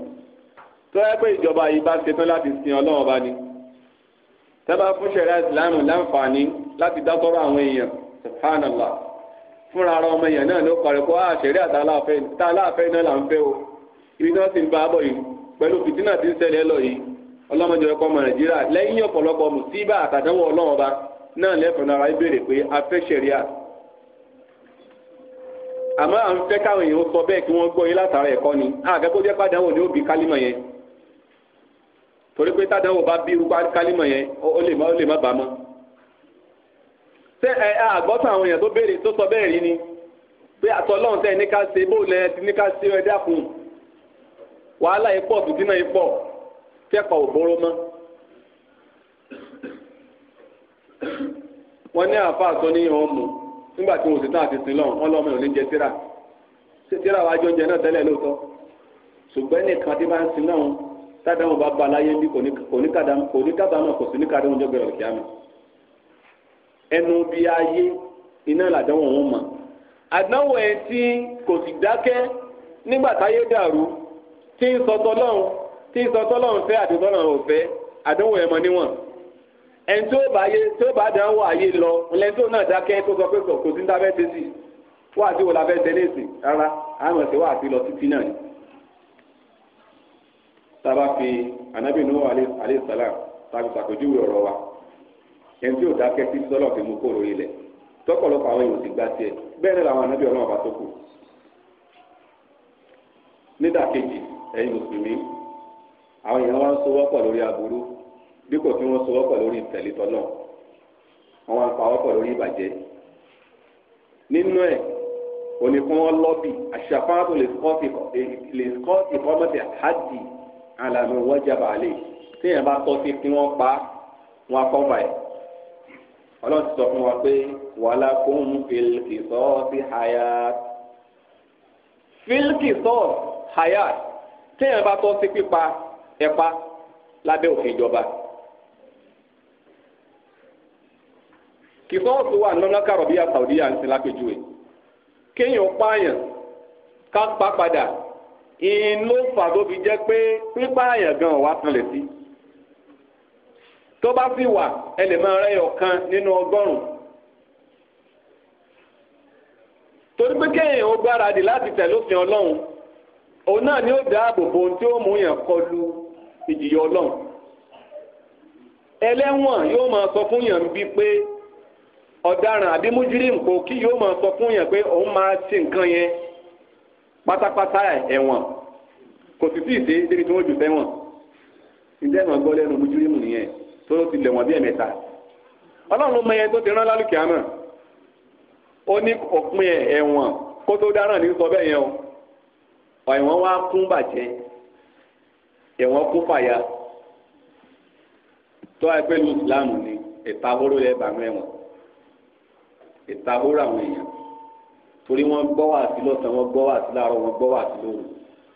tó yẹ pé ìjọba yìí bá ṣetán láti sin ọlọ́run bá ní tẹ́lá fún ṣẹ̀ríà ìsìlámù láǹfààní láti dá àwọn èèyàn subhanallah fúnra ara ọmọ èèyàn náà ló kọrin kó àṣẹ̀ríà ah, tá aláàfẹ́ náà là ń fẹ́ o ibi náà sì ń bá a yìí pẹ̀lú fìtínà tí ń ṣẹlẹ̀ lọ yìí ọlọ́mọdé ọkọ ọmọ nàìjíríà lẹ́yìn ọ̀pọ̀lọpọ̀ mùsíbà àtàdánwò ọlọ́wọ́n ba náà lẹ́fọ̀ọ́ náà wáyé pé a fẹ́ ṣẹ̀ríà àmọ́ à ń fẹ́ káwọn èèyàn sọ bẹ́ẹ̀ kí wọ́n gbọ́ yín látara ẹ̀kọ́ ni jẹ́ pàdánwò ní òbí kálímọ̀ yẹn torí pé tádánwò bá bí kálímọ̀ yẹn ó lè má mọ́ ṣé ẹ àwọn èèyàn tó tẹ́pà òbóró mọ́. wọ́n ní àáfàá tó ní ìhàn mú nígbà tí wọ́n sì tán àti sin lọ́hùn wọ́n lọ́mọ ìròyìn jẹ tíra tíra wájú oúnjẹ náà tẹ́lẹ̀ lóòótọ́ ṣùgbọ́n nìkan tí máa ń sin lọ́hùn tádàmù bá ba láyé bí kò ní kádàmù kò ní kádàmù kò sí ní kádàmù ọjọ́ gbẹ̀rẹ̀ kíá mi ẹnu bíi ayé iná làdánwò wọn mọ̀ àdánwò ẹ̀ tí kò sì dákẹ́ nígbà táyé dàrú tí ń sọ tọ́lọ́hùn tí sọ tọ́lọ́run fẹ́ àti tọ́lọ́run ò fẹ́ àdánwò ẹ̀mọ níwọ̀n ẹni tó bá yé tó bá dánwò ayé lọ lẹ́yìn tó náà dákẹ́ tó sọ pé kò sí dábẹ́ tẹ́ sí wá àti wò lábẹ́ tẹ́ léèsì rárá àmọ̀ sí wá àti lọ títí náà ni. sábà fi anabi nuhu alayhi salam tàbí sàkójúwe ọ̀rọ̀ wa ẹni tí ò dákẹ́ tí tọ́lọ́run fi mú kóró ilẹ̀ tọ́pọ̀lọpọ̀ àwọn èèyàn ti gbá tiẹ̀ bẹ́ẹ̀ ni làwọn anabi ọlọ́run bá tó kù. nídàkejì ẹ̀yin mùsùlùmí àwọn èèyàn wọn ń sowọ́pọ̀ lórí aburú dípò kí wọ́n sowọ́pọ̀ lórí ìtẹ̀lítọ́ náà wọ́n wá ń pawọ́pọ̀ lórí ìbàjẹ́ nínú ẹ̀ òní kí wọ́n lọ́bì àṣàfáàbò lè kọ́ọ̀tì kọ́mọ̀tì àhádì àlànà wọ́jàbà àlè téèyàn bá tọ́ sí kí wọ́n pa wọn akọ́fà ẹ̀ ọlọ́run ti sọ fún wa pé wàhálà kó ń filkì sọ́ọ̀sì hayat filkì sọ́ọ̀sì hayat téèyàn bá tọ́ sí pípa ẹ̀pá lábẹ́ òfin ìjọba. kìsọ́ ọ̀tún wà nọ́nà kàrọ̀bíyà Saudiya ń sin lápẹ́jùwe kéèyàn pààyàn ká pa padà ìyìn ló fà tó fi jẹ́ pé pípààyàn gan wà sanlẹ̀ sí. tó bá sì wà ẹ lè máa rẹ́yọ̀ kan nínú ọgọ́rùn-ún. torí pé kéèyàn ó gbáradì láti tẹ̀lé òfin ọlọ́run òun náà ni ó dáàbò bo ohun tí ó mú yàn kọlu ìjìyà ọlọ́run ẹlẹ́wọ̀n yóò máa sọ fún yàn bí pé ọ̀daràn àbí mújírìm kò kí yóò máa sọ fún yàn pé òun máa ṣe nǹkan yẹn pátápátá ẹ̀wọ̀n kò sì sí ìṣe débi tí wọ́n jù sẹ́wọ̀n ìjẹ́ gbọ́ lẹ́nu nìyẹn tó ti lẹ̀ wọ́n bí mọ ẹyẹ tó ti rán àmọ́ ó ní òpin ẹ̀wọ̀n kó tó dáràn ní sọ bẹ́ẹ̀ o ẹ̀wọ̀n kó fàyà tó a pẹ̀lú ìsìláàmù ni ìtahóró yẹ bàánú ẹ̀wọ̀n ìtahóró àwọn èèyàn torí wọ́n gbọ́ wà sí lọ́sàn-án wọ́n gbọ́ wà sí láàárọ̀ wọ́n gbọ́ wà sí lóru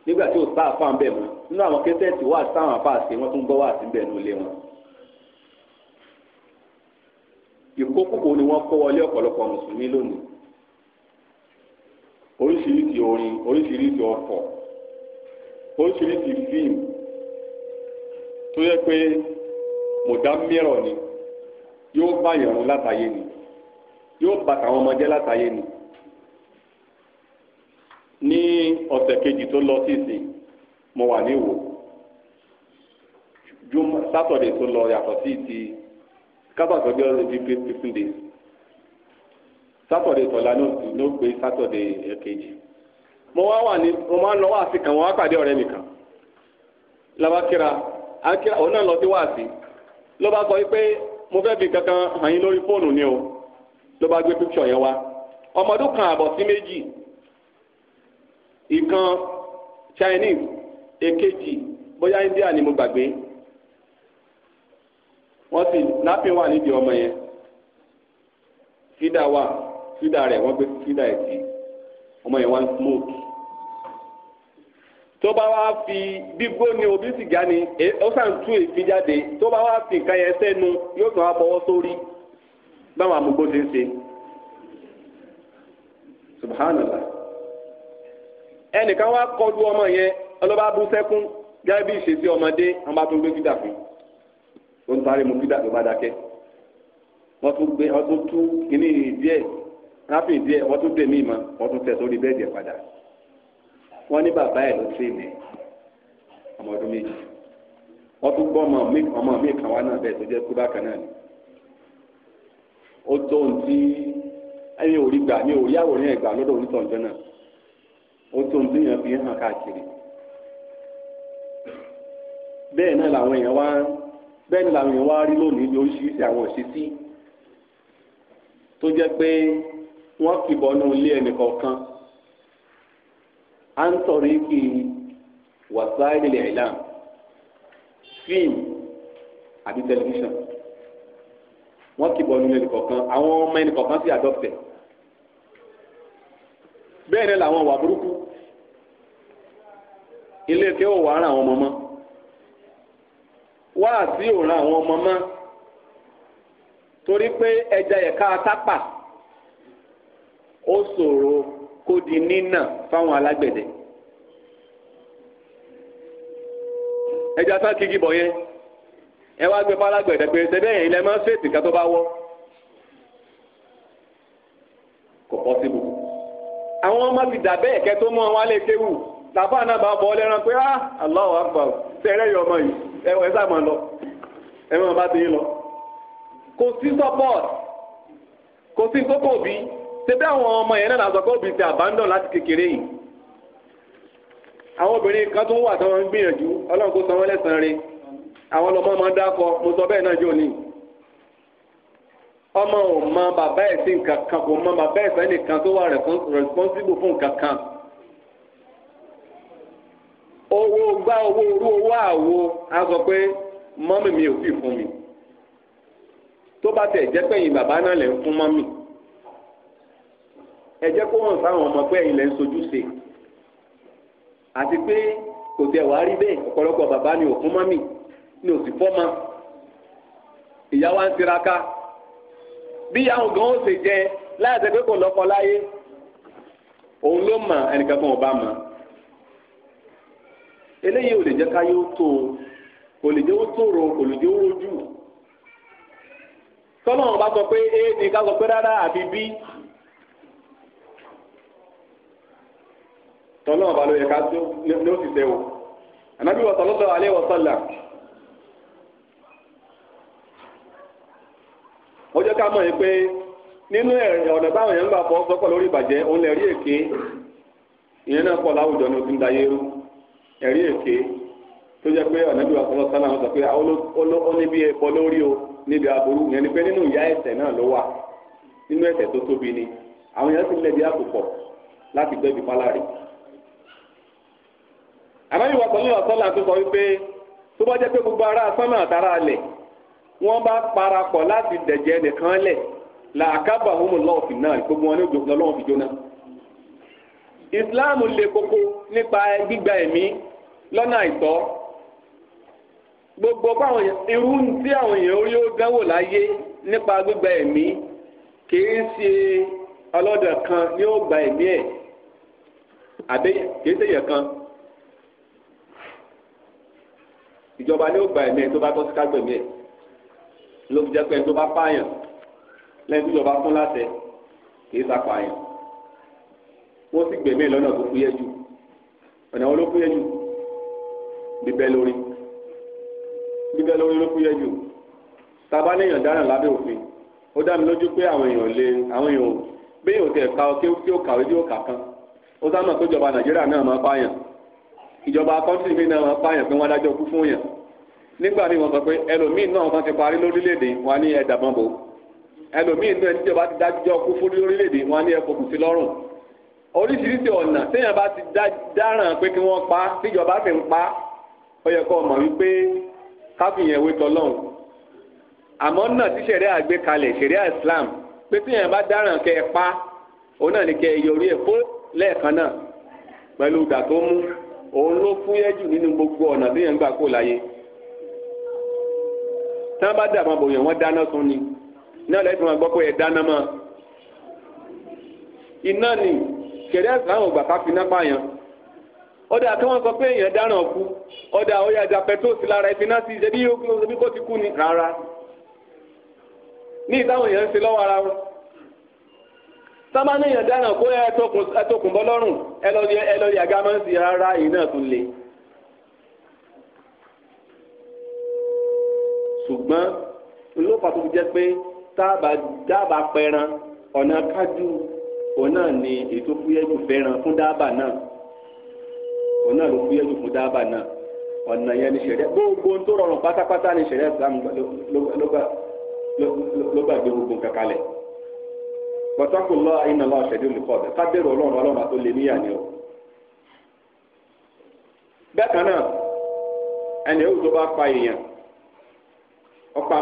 nígbà tí ò sáà fà ń bẹ̀ mọ́ nínú àwọn kẹsẹ̀tì wà sáwọn afá àti wọ́n tún gbọ́ wà sí bẹ̀ ní ilé wọn. ìkókòkò ni wọ́n kó wọlé ọ̀pọ̀lọpọ̀ mùsùlùmí lónìí oríṣiríṣi orin oríṣiríṣi ọkọ̀ oríṣiríṣi fíìmù tó yẹ pé mọ̀dá mìíràn ni yóò bá ìrún látàyè ni yóò bá tàwọn ọmọdé látàyè ni ní ọ̀sẹ̀ kejì tó lọ sí ìsìn mo wà ní ìwò sátọ̀dẹ̀ tó lọ yàtọ̀ sí ti kábàtọ̀ bí ọdún bíi fifteen days sátọ̀dẹ̀ tọ̀la ló gbé sátọ̀dẹ̀ ẹ̀kejì mo wá wà ní mo máa ń lọ wá sí kan mo wá pàdé ọ̀rẹ́ mi kan labakira akíra òun náà lọ sí wáàsí ló bá sọ pé mo fẹ́ fi kankan hàn yín lórí fóònù ni o ló bá gbé píkṣọ̀ yẹn wá ọmọdún kan àbọ̀ sí méjì ìkan Chinese èkejì bóyá India ni mo gbàgbé wọ́n sì lápín wà nídìí ọmọ yẹn fídà wà fídà rẹ̀ wọ́n gbé fídà ẹ̀ sí ọmọ yẹn wá ń smoke tó bá wá fi gbígbó ni òbí sìgá ni e, ó sàn tú èéfín jáde tó bá wá fi nǹkan yẹn sẹ́nu yóò tún wá fọwọ́ sórí báwọn amúgbó ti ń ṣe subhanallah ẹnìkan wá kọlu ọmọ yẹn ọlọ́ba bú sẹ́kún gẹ́gẹ́ bí ìṣesí ọmọdé àwọn bá tún gbé gíga fún un ó ń parí mu gíga ló bá dákẹ́ wọ́n tún gbé wọ́n tún tú kínní díẹ̀ ráfìn díẹ̀ wọ́n tún dè mí ma wọ́n tún tẹ̀ sórí bẹ́ẹ̀dì wọ́n ní bàbá ẹ̀ ló tì mí ọmọ ọdún méjì wọ́n tún gbọ́ ọmọ mi ọmọ mi kan wá náà bẹ́ẹ̀ tó jẹ́ kú bákan náà ni ó tó ohun tí ẹni ò rí gbà ní òrí àwòrán ẹ̀gbà lọ́dọ̀ onítọ̀jọ́ náà ó tó ohun tí èèyàn fi hàn káàkiri bẹ́ẹ̀ náà làwọn èèyàn wá bẹ́ẹ̀ náà làwọn èèyàn wá rí lónìí ní oríṣiríṣi àwọn tó jẹ́ pé wọ́n à ń tọ̀rí kí wàsáìlì lè ìlà fíìmù àbí tẹlifíṣàn wọ́n kì bọ̀ nínú ẹnìkọ̀ọ̀kan àwọn ọmọ ẹnìkọ̀ọ̀kan sì àdọ́fẹ̀ bẹ́ẹ̀ ni làwọn wà burúkú ilé tí ó wà ara àwọn ọmọ mọ́ wá sí òòrùn àwọn ọmọ mọ́ torí pé ẹja ẹ̀ka atápà ó ṣòro kó di nínà fáwọn alágbẹ̀dẹ. ẹja sá kí gíbọ yẹn ẹ wá gbé fálágbẹ̀dẹ pé ṣe bẹ́ẹ̀ ilẹ̀ máa ń ṣètì ká tó bá wọ́ kò pọ́sibú. àwọn ọmọ ti dà bẹ́ẹ̀ kẹ́ tó mú wọn wálé kéwù làbá náà bá bọ́ ọ lẹ́ran pé ah Allahu Akbar tẹ̀rẹ́ yọ ọmọ yìí ẹ wọ ẹ sá máa lọ ẹ máa bá ti yín lọ. kò sí support kò sí kókò bíi ṣebí àwọn ọmọ yẹn náà làzọ pé obìnrin ti abandon láti kékeré yìí àwọn obìnrin kan tó ń wà tí wọ́n ń gbìyànjú Ọlọ́run kó san wọ́n lẹ́san rẹ̀ àwọn ọlọ́mọ máa ń dákọ mo sọ bẹ́ẹ̀ náà jò ní ọmọ ò mọ bàbá ẹ̀ sí nǹkan kan kò mọ bàbá ẹ̀ sẹ́ni kan tó wà responsible fún nǹkan kan owó gbá owó orú owó àwo a sọ pé mọ́mì mi ò fi fún mi tó bá tẹ̀ jẹ́ pẹ̀yìn bàbá náà lè ń fún mọ́mì ẹ jẹ́ kó hàn sáwọn ọmọ pé ẹ̀yin lẹ ń sojú ṣe àti pé kò tẹ̀ wá rí bẹ́ẹ̀ ọ̀pọ̀lọpọ̀ bàbá ni òkun mọ́mì ni òsì fọ́mọ ìyá wa ń tiraka bí àwọn gan ó ṣe jẹ láyàtọ̀ pé kò lọ́kọ láyé òun ló mà ẹnìkan kan ò bá mà eléyìí ò lè jẹ́ káyé ó tó kò lè jẹ́ ó tòrò kò lè jẹ́ ó rojú tọ́lọ́run sọ pé a ní ká sọ pé rárá àfi bí tọ́lọ́ ọ̀bà ló yẹ ká tó ní ó sì tẹ́ o ànábì wa sallallahu alaihi wa sallam ó jẹ́ ká mọ̀ yìí pé nínú ọ̀nà báwọn yẹn ń gbà fọ́ sọ́kọ̀ lórí ìbàjẹ́ òun lè rí èké ìyẹn náà pọ̀ láwùjọ ní ẹ̀rí èké tó jẹ́ pé sọ pé ó ní bí lórí o níbi aburú yẹn ni pé nínú ìyá náà ló wà nínú tó tóbi ni àwọn yẹn àbáyé wa sọlá sọlá tó sọ wípé tó bá jẹ́ pé gbogbo ará sánmà àtàrà alẹ̀ wọ́n bá parapọ̀ láti dẹ̀jẹ̀ nìkan lẹ̀ làákàbà homo lọ́ọ̀fì náà gbogbo wọn ní òjò lọ́wọ́ fi jóná. ìsìláàmù le koko nípa gbígba ẹ̀mí lọ́nà àìtọ́ gbogbo fáwọn irú tí àwọn èèyàn orí ó dánwò láyé nípa gbígba ẹ̀mí kìí ṣe ọlọ́dọ̀ kan ni ó gba ẹ̀mí ẹ̀ àbẹ́yẹ kìí ṣe kan. ìjọba ni ó gba ẹ̀mí ẹ̀ tó bá tọ́ sí kágbẹ̀mí ẹ̀ ló fi jẹ́ pé ẹni tó bá pààyàn lẹ́yìn tó ìjọba fún láṣẹ kì í sàpààyàn wọ́n sì gbẹ̀mí ẹ̀ lọ́nà tó fúyẹ́ jù ọ̀nà wọn ló fúyẹ́ jù bíbẹ́ lórí bíbẹ́ lórí ló fúyẹ́ jù tábà léèyàn dáràn lábẹ́ òfin ó dá mi lójú pé àwọn èèyàn lè àwọn èèyàn béèyàn tẹ̀ ká ọ kí ó kàwé tí ó kà kan ó sá mọ̀ pé ìjọba Nàìjíríà náà máa pààyàn ìjọba kọ́ńtì mi náà wọ́n pààyàn pé wọ́n adájọ́ kú fún yàn nígbà míì wọ́n sọ pé ẹlòmíín náà wọ́n ti parí lórílẹ̀‐èdè wọn ní ẹ̀dà bọ́ǹbò ẹlòmíín náà tíjọba ti dájọ́ kú fún lórílẹ̀‐èdè wọn ní ẹ̀fọ́kùn sí lọ́rùn oríṣiríṣi ọ̀nà téèyàn bá ti dáràn pé kí wọ́n pa tíjọba sì ń pa ó yẹ kó mọ̀ wípé káfíyàn ewé tọ́lọ́hùn àmọ́ náà tí sẹ̀ríà àgbékalẹ̀ sẹ̀ríà Islam pé tíyàn bá dáràn kẹ́ ẹ pa òun náà ní kẹ́ ẹ yọrí ẹ̀ fó lẹ́ẹ̀kan náà pẹ̀lú ìgbà tó òun ló fúyẹ́ jù nínú gbogbo ọ̀nà tí yẹn ń gbà kó láyé tí wọ́n bá dà máa bòyàn wọ́n dáná sun ni náà lẹ́sìn máa gbọ́ pé ẹ̀ dáná mọ́ iná ni kẹ̀dẹ́ àtàwọn ògbà ká finá pààyàn ọ̀dà tí wọ́n sọ pé èèyàn dáná kú ọ̀dà ó yàjà pẹ̀tóòsì lára ìfiná sí ìṣẹ́bí yóò kú ní kó ti kú ni rárá ní ìtàwọn èèyàn ń lọ́wọ́ ara wọn. tọ́mánì yẹn dáhùn kó ẹtọkùn bọ́ lọ́rùn ẹ lọ́ọ́ yàgá máa ń sì rárá yìí náà tún le. ṣùgbọ́n ló pàtó jẹ́ pé dábàá pẹran ọ̀nà kájú òun náà ni ètò fúyẹ́jù fẹ́ràn fún dábàá náà òun náà ló fúyẹ́jù fún dábàá náà ọ̀nà yẹn ni ṣẹ̀rẹ́ gbogbo tó rọrùn pátápátá ni ṣẹ̀rẹ́ Islam ló gbàgbé gbogbo kankan pọtọkùlọ ìnáwó ọ̀sẹ̀dí olùkọ́ ọ̀bẹ kábẹ́rù ọlọ́run ọlọ́run àti olè níyà ni o. kan náà ẹni èwù tó bá pa èèyàn ọ̀pá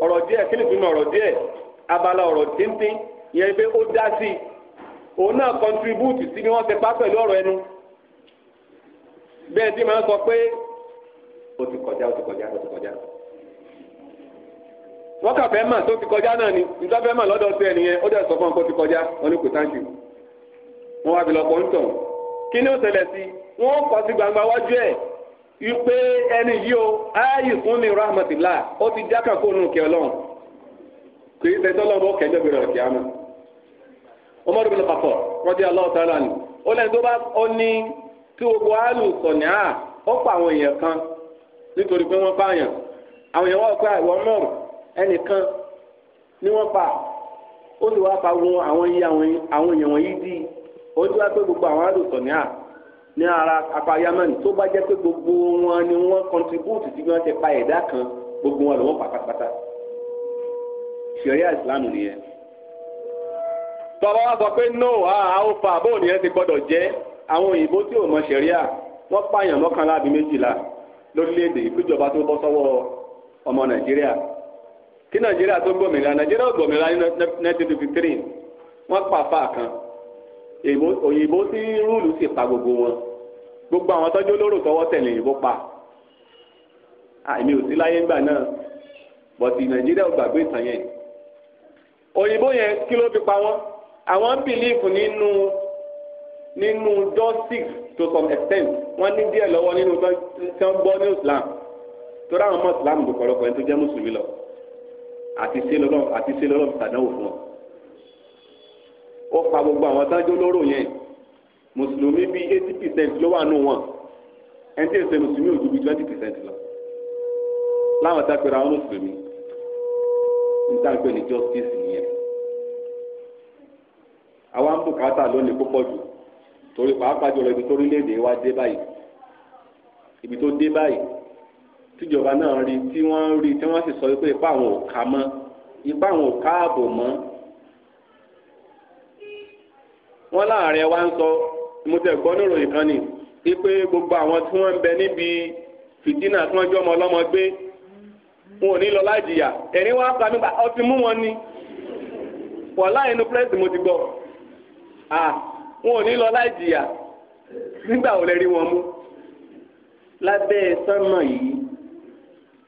ọrọ kí ni abala ọrọ tíntín yẹn ó dá sí i òun náà sí pa bẹ́ẹ̀ tí màá sọ pé o ti kọjá o ti kọjá o ti kọjá wọ́n kà fẹ́ mà tó ti kọjá náà ni nígbà fẹ́ mà lọ́dọ̀ sí ẹnìyẹn ó dẹ̀ sọ fún ọ ti kọjá wọn ní kò táǹkì wọn wá fi pọ̀ ń tàn kí ni ó ṣẹlẹ̀ sí wọn kọ sí gbangba wájú ẹ̀ wípé ẹni yìí o ayé fún mi rahmatillah ó ti jákà kó nù kí ọlọ́run kì í ṣe tọ́lọ́ bọ́ bẹ̀rẹ̀ ọ̀kẹ́ ọmọdé pàpọ̀ ó tó bá ó ní tí gbogbo àlù sọ̀nì à ó pa àwọn èèyàn kan nítorí pé wọ́n pààyàn àwọn èèyàn wọ́n pa ìwọ mọ̀ ẹnìkan ni wọ́n pa ó sì wá pa wọn àwọn iye àwọn èèyàn wọ̀nyí di ó ti wá pé gbogbo àwọn àlù sọ̀nì à ní ara apá yamani tó bá jẹ́ pé gbogbo wọn ni wọ́n kọ́ntribúùtì tí wọ́n ti pa ẹ̀dá kan gbogbo wọn lọ́wọ́ pátápátá ṣẹ̀ríà ìsìlámù nìyẹn tọ́lá wá sọ pé no a ó fa àbóònìyẹn ti gbọ́dọ̀ jẹ́ àwọn òyìnbó tí ò mọ ṣẹ̀ríà wọ́n pààyàn mọ́kànlá àbí méjìlá lórílẹ̀‐èdè ìpéjọba tó bọ́ sọ́wọ́ ọmọ nàìjíríà kí nàìjíríà tó gbòmìnira nàìjíríà ò gbòmìnira ní nineteen fifty three wọ́n pa àfa kan òyìnbó tí rúùlù sì pa gbogbo wọn gbogbo àwọn tọ́jú olóró tọwọ́ tẹ̀lé òyìnbó pa àmì ò sí láyé ńgbà náà bọ̀tì nàìjíríà ò gbàgbé ìtàn yẹn òyìnbó yẹn kí ló fi pa wọ́n àwọn ń bìlíìfù nínú nínú dọ́sìk to some extent wọ́n ní díẹ̀ lọ́wọ́ nínú tí wọ́n gbọ́ ní islam torí àwọn ọmọ islam kò kọ̀rọ̀ pẹ̀lú tó jẹ́ mùsùlùmí lọ àti ṣe lọ́lọ́ àti ṣe lọ́lọ́ ìtàdánwò fún wọn. ó pa gbogbo àwọn sáájú olóró yẹn mùsùlùmí bíi eighty percent ló wà nù wọn ẹni tí èsè mùsùlùmí ò ju bíi twenty percent lọ láwọn tá a pèrè àwọn mùsùlùmí níta ń pè ní justice nìyẹn àwa ń bùkátà lónìí púpọ̀ jù torí pàápàá jọlọ ibi tó orílẹ̀-èdè wa dé báyìí ibi tó dé báyìí tíjọba náà rí tí wọ́n rí tí wọ́n sì sọ pé ipá àwọn ò ká mọ́ ipá àwọn ò káàbò mọ́ wọ́n láàrin wa ń sọ mo tẹ̀ gbọ́ níròyìn kan ni pé gbogbo àwọn tí wọ́n ń bẹ níbi fìtínà tí wọ́n jọ ọmọ ọlọ́mọ gbé wọn ò ní lọ láì ẹ̀rín wa pa mí pa ọtí mú wọn ni wọ́n láì inú pírẹ́sì mo ti gbọ́ wọn ò ní lọ láì jìyà nígbà wo lè rí wọn mú lábẹ́ sánmà yìí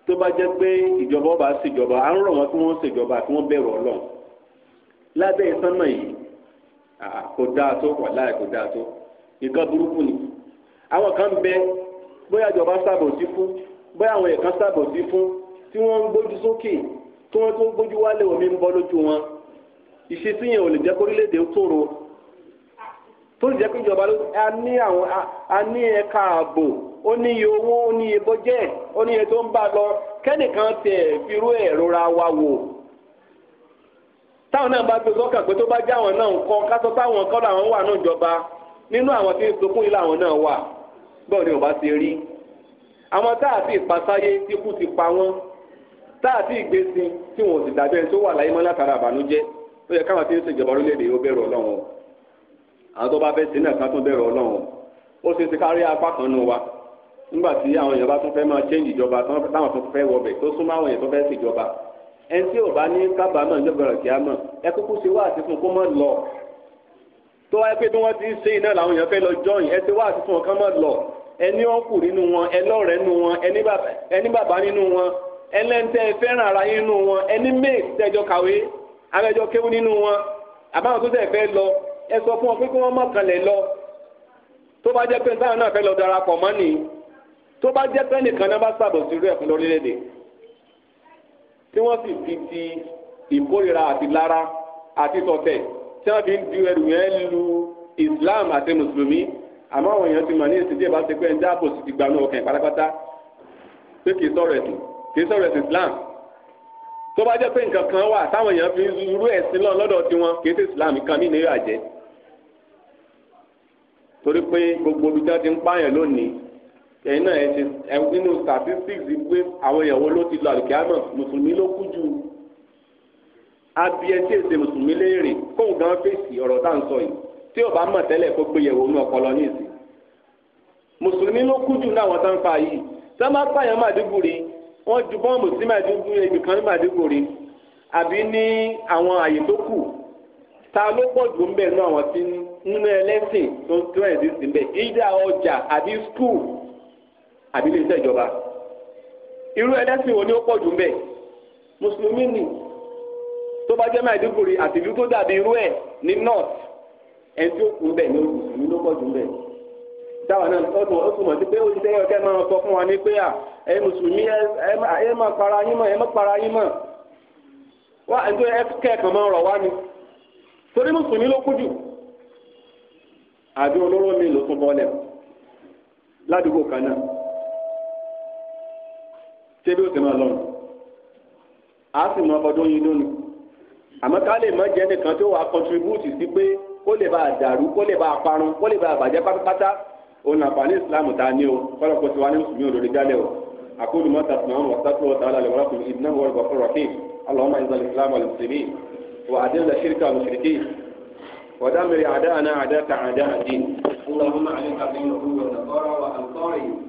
tó bá jẹ́ pé ìjọba ọba ṣèjọba à ń rọ̀ wọn kí wọ́n ṣèjọba kí wọ́n bẹ̀rù ọlọ́run lábẹ́ sánmà yìí kò dáa tó wà láì kò dáa tó nǹkan burúkú ni àwọn kan bẹ bóyá ìjọba ṣàbòsí fún bóyá àwọn èèkàn ṣàbòsí fún tí wọ́n ń gbójú sókè tí wọ́n tó ń gbójú wálé omi ń bọ́ lójú wọn ìṣesí yẹn ò lè jẹ́ kórílẹ̀-èdè tòrò tó ń jẹ́ pé ìjọba ló ní àwọn a ní ẹka ààbò ó ní iye owó ó ní iye bọ́jẹ́ ó ní iye tó ń bá lọ kẹ́nìkan tẹ̀ firú ẹ̀ rora wa wò táwọn náà bá gbé sọ́kàn pé tó bá já àwọn náà ń kọ́ táwọn kọ́ làwọn wà náà jọba nínú àwọn tí ń náà wà ni ò ti rí àwọn tí kú ti pa wọ́n tá àti ìgbésí tí wọn tó wà láyé mọ́ látara àbànújẹ́ ó yẹ káwọn tí ń orílẹ̀ àwọn tó bá fẹ́ sí náà ká tún bẹ̀rẹ̀ ọlọ́run ó ṣe ti kárí apá kan nù wa nígbà tí àwọn èèyàn bá tún fẹ́ máa change ìjọba táwọn tún fẹ́ wọbẹ̀ tó súnmọ́ àwọn èèyàn tó fẹ́ ṣèjọba ẹni tí ò bá ní kábàámọ̀ ìjọba rẹ̀ kíá mọ̀ ẹ kúkú ṣe wá àti fún kó mọ̀ lọ tó wáyé pé tí wọ́n ti ń ṣe iná làwọn èèyàn fẹ́ lọ jọyìn ẹ ti wá àti fún ọkàn mọ̀ lọ ẹni ọ̀nkù nínú wọn ẹlọ́rẹ̀ nínú wọn ẹni bàbá nínú wọn ẹlẹ́ntẹ́ fẹ́ràn ara yín nínú wọn ẹni méè tẹ́jọ kàwé abẹ́jọ kéwú nínú wọn àbáwọn tó tẹ̀ fẹ́ lọ ẹ sọ fún ọ pé kí wọ́n má kalẹ̀ lọ tó bá jẹ́ pé táwọn náà fẹ́ lọ darapọ̀ mọ́ nìyí tó bá jẹ́ pé nìkan náà bá sàbọ̀ sí irú ẹ̀ fún tí wọ́n sì fi ti ìkórira àti lára àti sọ̀tẹ̀ tí wọ́n fi ń du ẹrù yẹn lu Islam àti mùsùlùmí àmọ́ àwọn èèyàn ti mọ̀ ní èsì díẹ̀ bá ti pé ẹni dáàbò sì ti gbanú ọkàn pátápátá pé kì í sọ̀rọ̀ ẹ̀sìn kì í sọ̀rọ̀ ẹ̀sìn Islam tó bá jẹ́ pé nǹkan kan wà táwọn èèyàn fi ń rú ẹ̀sìn lọ lọ́dọ̀ tiwọn kì í sí Islam kan ní ìnáyà jẹ́ torí pé gbogbo ibi tí wọ́n ti ń pààyàn lónìí ẹ̀yin náà ẹ ṣe nínú statistics pé àwọn ìyàwó ló ti lọ àlùkìyàmọ̀ mùsùlùmí ló kú jù abiyẹtí èsè mùsùlùmí léèrè kóun gan fèsì ọ̀rọ̀ tá à ń sọ yìí tí ọba mọ̀ tẹ́lẹ̀ kó gbéyẹ̀wò inú ọpọlọ ní ìsìn mùsùlùmí ló kú jù ní àwọn tá ń fa yìí tá má pààyàn màdúgbòrì wọ́n ju bọ́ọ̀mù sí màdúgbòrì ibìkan ní màdúgbòrì àbí ní àwọn àyè tó kù ta ló pọ̀ jù ń bẹ̀ nú àwọn tí ń nínú ẹlẹ́sìn tó tó ẹ̀sìn sí mbẹ́ ìdá ọjà àbí skul àbí iléeṣẹ́ ìjọba irú ẹlẹ́sìn wo ni ó pọ̀ jù mùsùlùmí ni tó bá jẹ́ Maiduguri àtìlú tó dàbí irú ẹ̀ ní north ẹni tí ó kù mbẹ́ ní mùsùlùmí ló pọ̀ jù mbẹ́ náà ó tún ó tún mọ̀ sí pé ó ti sẹ́yìn ọ̀kẹ́ fún wa pé à ẹ mùsùlùmí ẹ para yín ẹ para yín wá ẹni tó ẹ kẹ́ẹ̀kan máa rọ̀ ni torí mùsùlùmí ló kú àbí olóró mi ló tún bọ́lẹ̀ ládùúgbò kan náà ṣé bí ó ti máa lọ a sì mọ ọdún yìí lónìí àmọ́ ká lè mọ jẹ́ nìkan tó wàá kọntribúùtì sí pé kó lè bá a dàrú kó lè bá a parun kó lè bá a bàjẹ́ pátápátá òun àǹfààní ìsìláàmù tá a ní o kọ́lọ̀ kó ti wá ní mùsùlùmí òdòdó jálẹ̀ o àkóòdù mọ́ta sùn àwọn wàsátú wọ́ta alẹ́ wọ́lá kùn ìdínà wọ́lá kùn rọ̀kì alọ́mọ ìzọlẹ̀ ìsìláàmù àlùmùsùlùmí wà á dé ودمر أعداءنا أعداءك أعداء الدين اللهم عليك باليهود والنصارى وأنصارهم